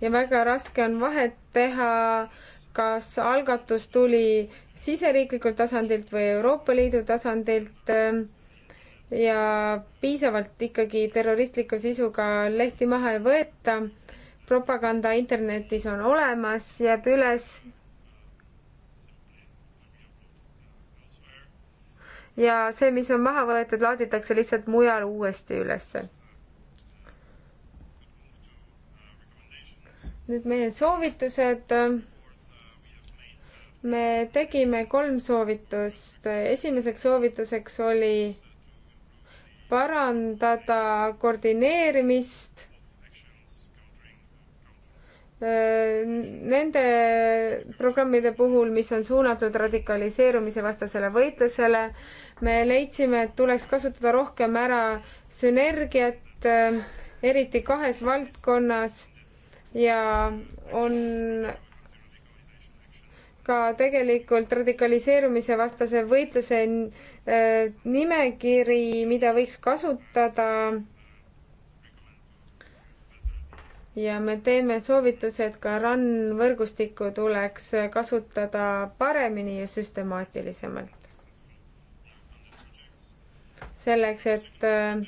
S4: ja väga raske on vahet teha, kas algatus tuli siseriiklikult tasandilt või Euroopa Liidu tasandilt ja piisavalt ikkagi terroristliku sisuga lehti maha ei võeta. propaganda internetis on olemas, jääb üles ja see, mis on maha võetud, laaditakse lihtsalt mujal uuesti ülesse. nüüd meie soovitused. me tegime kolm soovitust. esimeseks soovituseks oli parandada koordineerimist nende programmide puhul, mis on suunatud radikaliseerumise vastasele võitlusele me leidsime, et tuleks kasutada rohkem ära sünergiat, äh, eriti kahes valdkonnas ja on ka tegelikult radikaliseerumise vastase võitluse äh, nimekiri, mida võiks kasutada. ja me teeme soovituse, et ka RAN võrgustikku tuleks kasutada paremini ja süstemaatilisemalt selleks, et äh,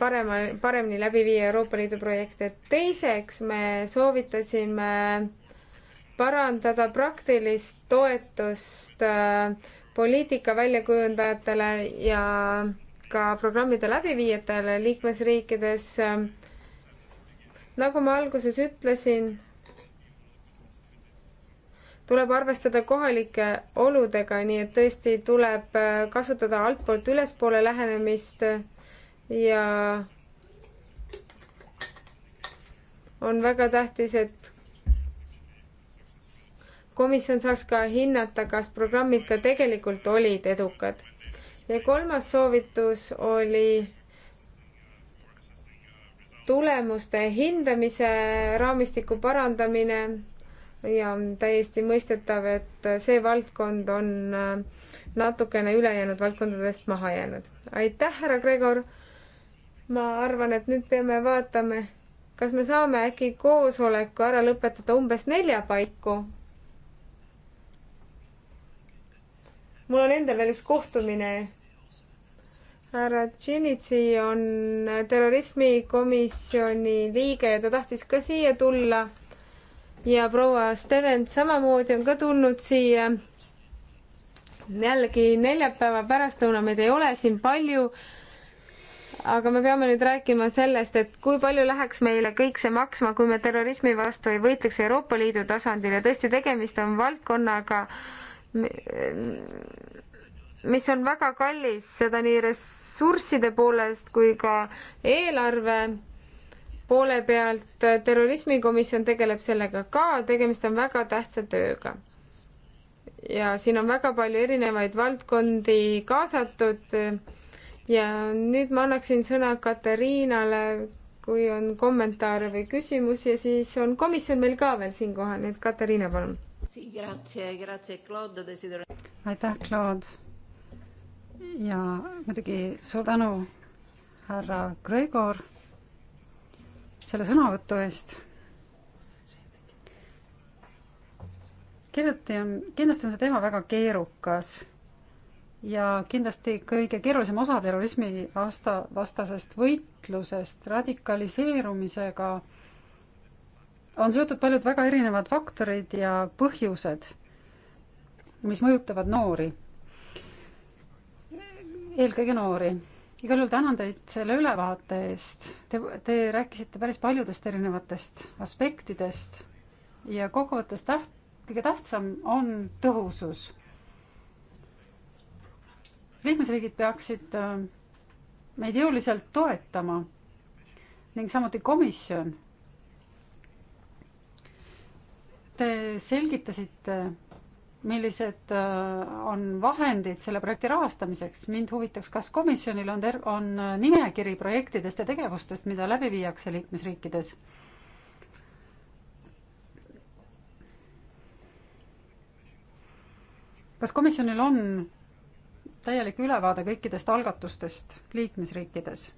S4: parema, paremini läbi viia Euroopa Liidu projekte. teiseks me soovitasime parandada praktilist toetust äh, poliitika väljakujundajatele ja ka programmide läbiviijatele liikmesriikides. nagu ma alguses ütlesin, tuleb arvestada kohalike oludega, nii et tõesti tuleb äh, kasutada altpoolt ülespoole lähenemist ja on väga tähtis, et komisjon saaks ka hinnata, kas programmid ka tegelikult olid edukad. ja kolmas soovitus oli tulemuste hindamise raamistiku parandamine ja on täiesti mõistetav, et see valdkond on äh, natukene ülejäänud valdkondadest maha jäänud. aitäh, härra Gregor! ma arvan, et nüüd peame vaatama, kas me saame äkki koosoleku ära lõpetada umbes nelja paiku. mul on endal veel üks kohtumine. härra Tšinitsi on terrorismikomisjoni liige ja ta tahtis ka siia tulla ja proua Steven samamoodi on ka tulnud siia. jällegi neljapäeva pärastlõuna meid ei ole siin palju. aga me peame nüüd rääkima sellest, et kui palju läheks meile kõik see maksma, kui me terrorismi vastu ei võitleks Euroopa Liidu tasandil ja tõesti, tegemist on valdkonnaga, mis on väga kallis, seda nii ressursside poolest kui ka eelarve poole pealt, terrorismikomisjon tegeleb sellega ka, tegemist on väga tähtsa tööga. ja siin on väga palju erinevaid valdkondi kaasatud ja nüüd ma annaksin sõna Katariinale, kui on kommentaare või küsimusi ja siis on komisjon meil ka veel siinkohal, nii et Katariina, palun. aitäh,
S1: Claude. ja muidugi suur tänu, härra Gregor selle sõnavõtu eest. kindlasti on, kindlasti on see teema väga keerukas ja kindlasti kõige keerulisem osa terrorismi vasta, vastasest võitlusest radikaliseerumisega on seotud paljud väga erinevad faktorid ja põhjused, mis mõjutavad noori, eelkõige noori igal juhul tänan teid selle ülevaate eest. Te, te rääkisite päris paljudest erinevatest aspektidest ja kokkuvõttes täht-, kõige tähtsam on tõhusus. liikmesriigid peaksid äh, meid jõuliselt toetama ning samuti komisjon. Te selgitasite millised äh, on vahendid selle projekti rahastamiseks. mind huvitaks, kas komisjonil on ter-, on äh, nimekiri projektidest ja tegevustest, mida läbi viiakse liikmesriikides kas komisjonil on täielik ülevaade kõikidest algatustest liikmesriikides?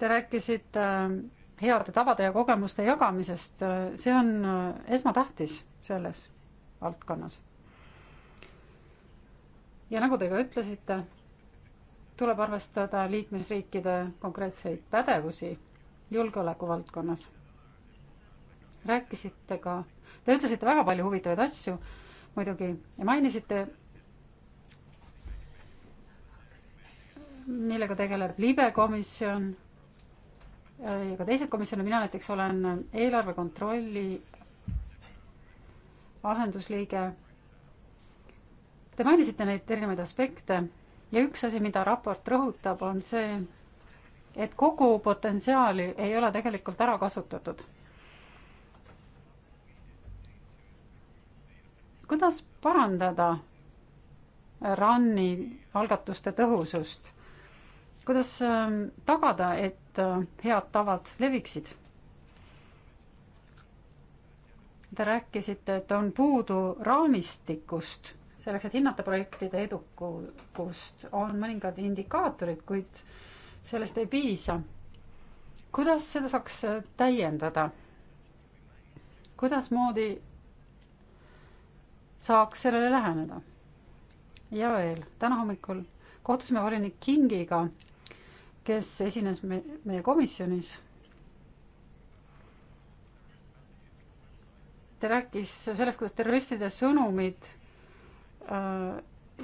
S1: Te rääkisite äh, heade tavade ja kogemuste jagamisest, see on äh, esmatähtis selles valdkonnas. ja nagu te ka ütlesite, tuleb arvestada liikmesriikide konkreetseid pädevusi julgeoleku valdkonnas. rääkisite ka, te ütlesite väga palju huvitavaid asju muidugi ja mainisite, millega tegeleb libekomisjon ja äh, ka teised komisjonid, mina näiteks olen eelarve kontrolli asendusliige. Te mainisite neid erinevaid aspekte ja üks asi, mida raport rõhutab, on see, et kogu potentsiaali ei ole tegelikult ära kasutatud. kuidas parandada RAN-i algatuste tõhusust? kuidas ähm, tagada, et Äh, head tavad leviksid. Te rääkisite, et on puudu raamistikust, selleks, et hinnata projektide edukust, on mõningad indikaatorid, kuid sellest ei piisa. kuidas seda saaks äh, täiendada? kuidasmoodi saaks sellele läheneda? ja veel, täna hommikul kohtusime volinik Kingiga kes esines me, meie komisjonis. ta rääkis sellest, kuidas terroristide sõnumid äh,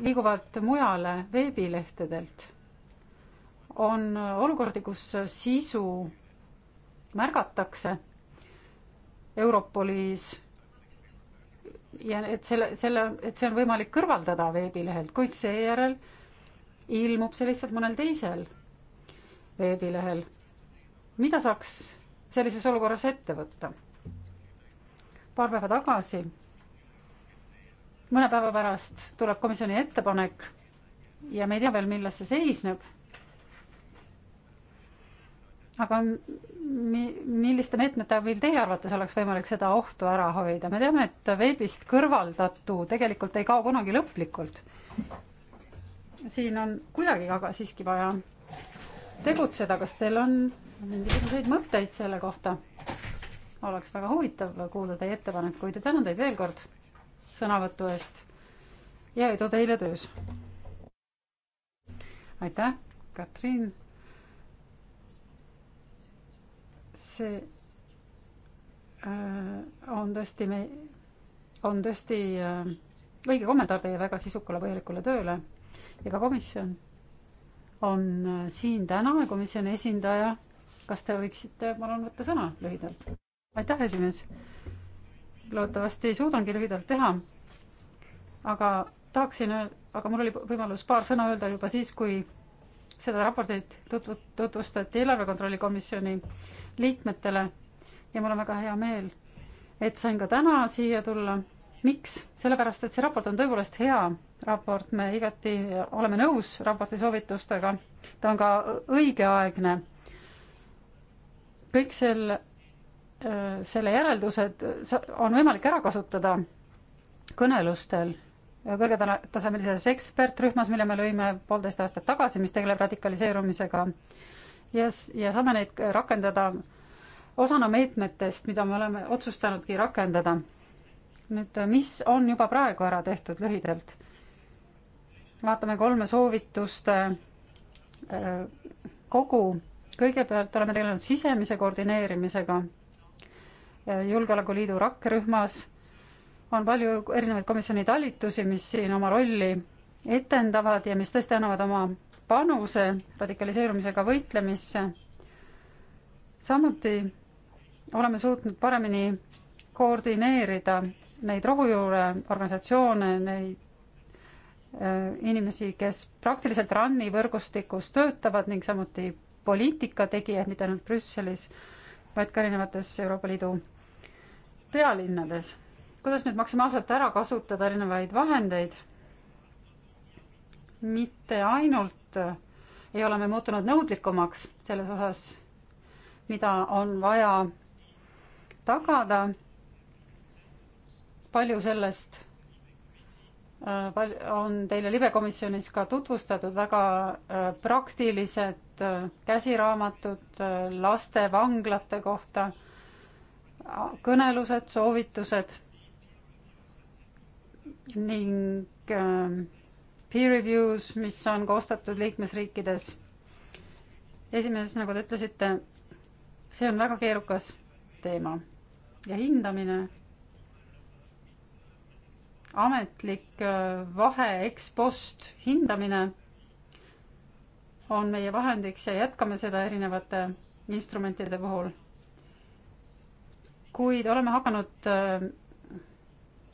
S1: liiguvad mujale veebilehtedelt. on olukordi, kus sisu märgatakse Europolis ja et selle, selle, et see on võimalik kõrvaldada veebilehelt, kuid seejärel ilmub see lihtsalt mõnel teisel veebilehel. mida saaks sellises olukorras ette võtta? paar päeva tagasi, mõne päeva pärast tuleb komisjoni ettepanek ja me ei tea veel, milles see seisneb. aga mi-, milliste meetmete abil teie arvates oleks võimalik seda ohtu ära hoida? me teame, et veebist kõrvaldatu tegelikult ei kao kunagi lõplikult. siin on kuidagi aga siiski vaja tegutseda, kas teil on mingisuguseid mõtteid selle kohta? oleks väga huvitav kuulda teie ettepanekuid ja tänan teid veel kord sõnavõtu eest ja edu teile töös. aitäh, Katrin. see äh, on tõesti me, on tõesti äh, õige kommentaar teie väga sisukale põhjalikule tööle ja ka komisjon on äh, siin täna komisjoni esindaja. kas te võiksite, palun, võtta sõna lühidalt? aitäh, esimees. loodetavasti suudangi lühidalt teha. aga tahaksin, aga mul oli võimalus paar sõna öelda juba siis, kui seda raportit tutvu-, tutvustati eelarve kontrolli komisjoni liikmetele ja mul on väga hea meel, et sain ka täna siia tulla miks? sellepärast, et see raport on tõepoolest hea raport, me igati oleme nõus raporti soovitustega, ta on ka õigeaegne. kõik sel, äh, selle järeldused on võimalik ära kasutada kõnelustel kõrgetasemelises ekspertrühmas, mille me lõime poolteist aastat tagasi, mis tegeleb radikaliseerumisega ja, ja saame neid rakendada osana meetmetest, mida me oleme otsustanudki rakendada nüüd, mis on juba praegu ära tehtud lühidalt? vaatame kolme soovituste äh, kogu. kõigepealt oleme tegelenud sisemise koordineerimisega. Äh, julgeolekuliidu rakkerühmas on palju erinevaid komisjoni talitusi, mis siin oma rolli etendavad ja mis tõesti annavad oma panuse radikaliseerumisega võitlemisse. samuti oleme suutnud paremini koordineerida neid rohujuure organisatsioone, neid äh, inimesi, kes praktiliselt RAN-i võrgustikus töötavad ning samuti poliitikategijad, mitte ainult Brüsselis, vaid ka erinevates Euroopa Liidu pealinnades. kuidas nüüd maksimaalselt ära kasutada erinevaid vahendeid? mitte ainult äh, ei ole me muutunud nõudlikumaks selles osas, mida on vaja tagada palju sellest äh, on teile libekomisjonis ka tutvustatud väga äh, praktilised äh, käsiraamatud lastevanglate kohta, kõnelused, soovitused ning ähm, peer reviews, mis on koostatud liikmesriikides. esimeses, nagu te ütlesite, see on väga keerukas teema ja hindamine ametlik äh, vahe ekspost hindamine on meie vahendiks ja jätkame seda erinevate instrumentide puhul. kuid oleme hakanud äh,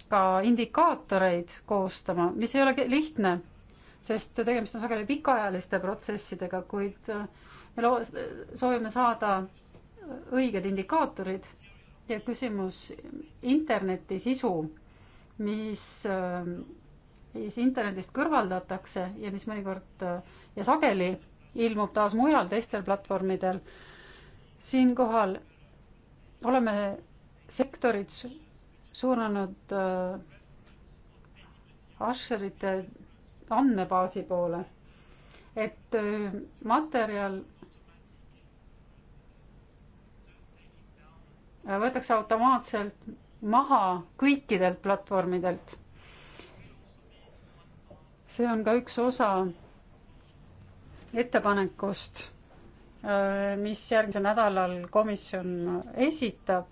S1: ka indikaatoreid koostama, mis ei ole lihtne, sest tegemist on sageli pikaajaliste protsessidega, kuid äh, me loo-, soovime saada õiged indikaatorid ja küsimus interneti sisu mis äh, mis internetist kõrvaldatakse ja mis mõnikord äh, ja sageli ilmub taas mujal teistel platvormidel. siinkohal oleme sektorid suunanud äh, Asherite andmebaasi poole, et äh, materjal võetakse automaatselt maha kõikidelt platvormidelt. see on ka üks osa ettepanekust, äh, mis järgmisel nädalal komisjon esitab.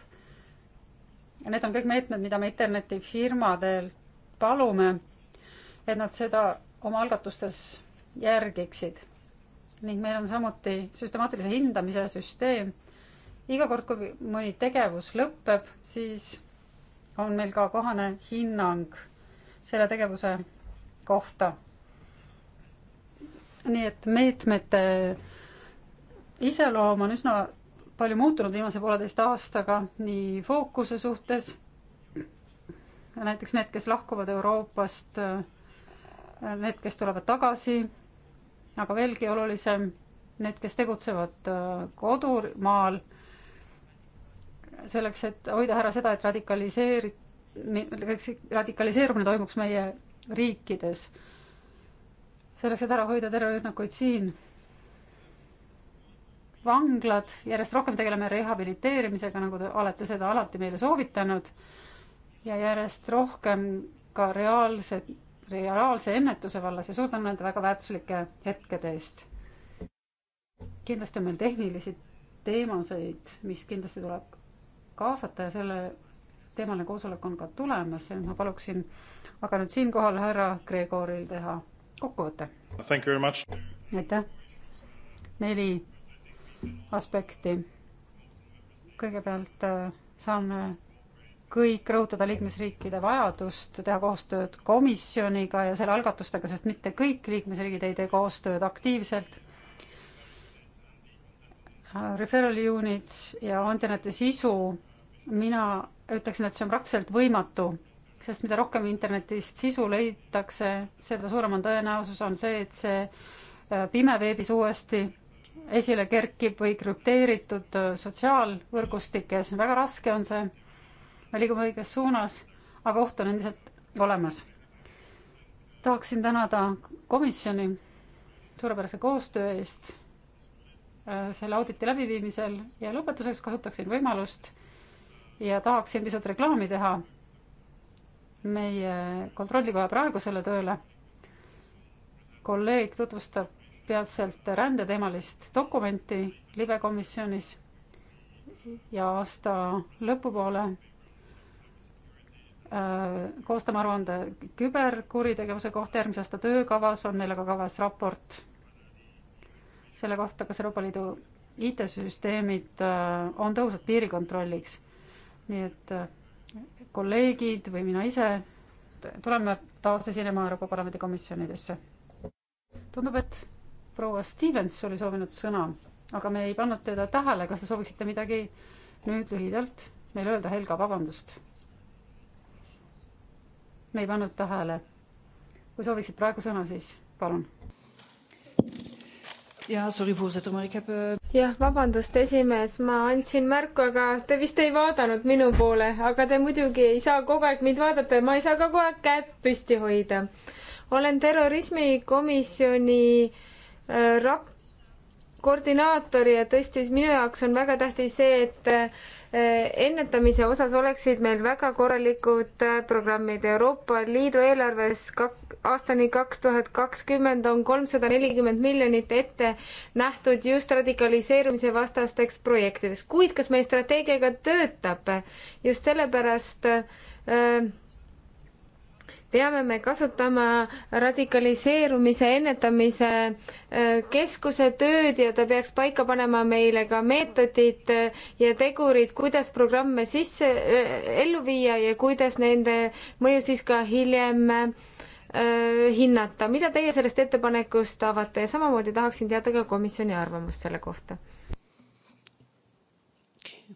S1: Need on kõik meetmed, mida me internetifirmadelt palume, et nad seda oma algatustes järgiksid. ning meil on samuti süstemaatilise hindamise süsteem. iga kord, kui mõni tegevus lõpeb, siis on meil ka kohane hinnang selle tegevuse kohta. nii et meetmete iseloom on üsna palju muutunud viimase pooleteist aastaga nii fookuse suhtes, näiteks need, kes lahkuvad Euroopast, need, kes tulevad tagasi, aga veelgi olulisem, need, kes tegutsevad äh, kodumaal selleks, et hoida ära seda, et radikaliseeri-, radikaliseerumine toimuks meie riikides. selleks, et ära hoida terrorirünnakuid siin. vanglad, järjest rohkem tegeleme rehabiliteerimisega, nagu te olete seda alati meile soovitanud. ja järjest rohkem ka reaalse, reaalse ennetuse vallas ja suur tänu nende väga väärtuslike hetkede eest. kindlasti on meil tehnilisi teemasid, mis kindlasti tuleb kaasata ja selle teemaline koosolek on ka tulemas ja nüüd ma paluksin aga nüüd siinkohal härra Gregoril teha kokkuvõte. aitäh. neli aspekti. kõigepealt äh, saame kõik rõhutada liikmesriikide vajadust teha koostööd komisjoniga ja selle algatustega, sest mitte kõik liikmesriigid ei tee koostööd aktiivselt. Äh, referral units ja interneti sisu mina ütleksin, et see on praktiliselt võimatu, sest mida rohkem internetist sisu leitakse, seda suurem on tõenäosus, on see, et see äh, pimeveebis uuesti esile kerkib või krüpteeritud äh, sotsiaalvõrgustikes, väga raske on see, me liigume õiges suunas, aga oht on endiselt olemas. tahaksin tänada komisjoni suurepärase koostöö eest äh, selle auditi läbiviimisel ja lõpetuseks kasutaksin võimalust ja tahaksin pisut reklaami teha meie kontrollikoja praegusele tööle. kolleeg tutvustab peatselt rändeteemalist dokumenti libekomisjonis ja aasta lõpupoole äh, koostame aruande küberkuritegevuse kohta, järgmise aasta töökavas on meil aga kavas raport selle kohta, kas Euroopa Liidu IT-süsteemid äh, on tõhusad piirikontrolliks nii et äh, kolleegid või mina ise tuleme taas esinema Euroopa Parlamendi komisjonidesse. tundub, et proua Stevens oli soovinud sõna, aga me ei pannud teda tähele, kas te sooviksite midagi nüüd lühidalt meile öelda, Helga, vabandust. me ei pannud tähele. kui sooviksid praegu sõna, siis palun. jaa, sorry, voorzitter, ma ikka
S4: jah, vabandust, esimees, ma andsin märku, aga te vist ei vaadanud minu poole, aga te muidugi ei saa kogu aeg mind vaadata ja ma ei saa ka kogu aeg käed püsti hoida. olen terrorismikomisjoni äh, rap-, koordinaator ja tõesti, minu jaoks on väga tähtis see, et äh, Äh, ennetamise osas oleksid meil väga korralikud äh, programmid. Euroopa Liidu eelarves kak-, aastani kaks tuhat kakskümmend on kolmsada nelikümmend miljonit ette nähtud just radikaliseerumise vastasteks projektideks, kuid kas meie strateegia ka töötab? just sellepärast äh, peame me kasutama radikaliseerumise ennetamise äh, keskuse tööd ja ta peaks paika panema meile ka meetodid äh, ja tegurid, kuidas programme sisse, äh, ellu viia ja kuidas nende mõju siis ka hiljem hinnata. mida teie sellest ettepanekust avate ja samamoodi tahaksin teada ka
S1: komisjoni arvamust selle kohta.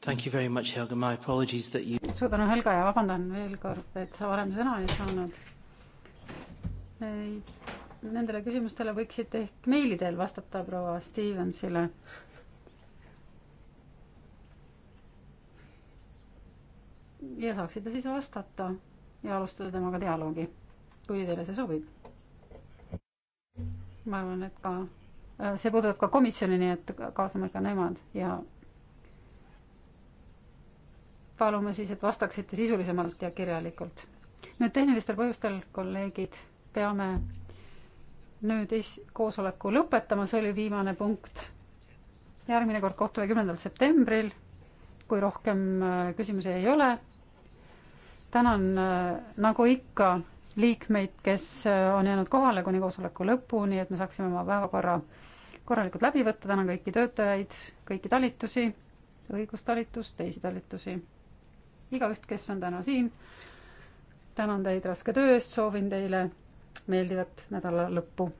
S2: You... suur
S1: tänu, Helga, ja vabandan veel kord, et sa varem sõna ei saanud. Nendele küsimustele võiksite ehk meili teel vastata proua Stevensile. ja saaksite siis vastata ja alustada temaga dialoogi, kui teile see sobib. ma arvan, et ka see puudutab ka komisjoni, nii et kaasame ka nemad ja palume siis, et vastaksite sisulisemalt ja kirjalikult. nüüd tehnilistel põhjustel, kolleegid, peame nüüd is-, koosoleku lõpetama, see oli viimane punkt. järgmine kord kohtume kümnendal septembril, kui rohkem äh, küsimusi ei ole. tänan äh, nagu ikka liikmeid, kes äh, on jäänud kohale kuni koosoleku lõpuni, et me saaksime oma päevakorra korralikult läbi võtta, tänan kõiki töötajaid, kõiki talitusi, õigustalitust, teisi talitusi igaüht, kes on täna siin. tänan teid raske töö eest, soovin teile meeldivat nädala lõppu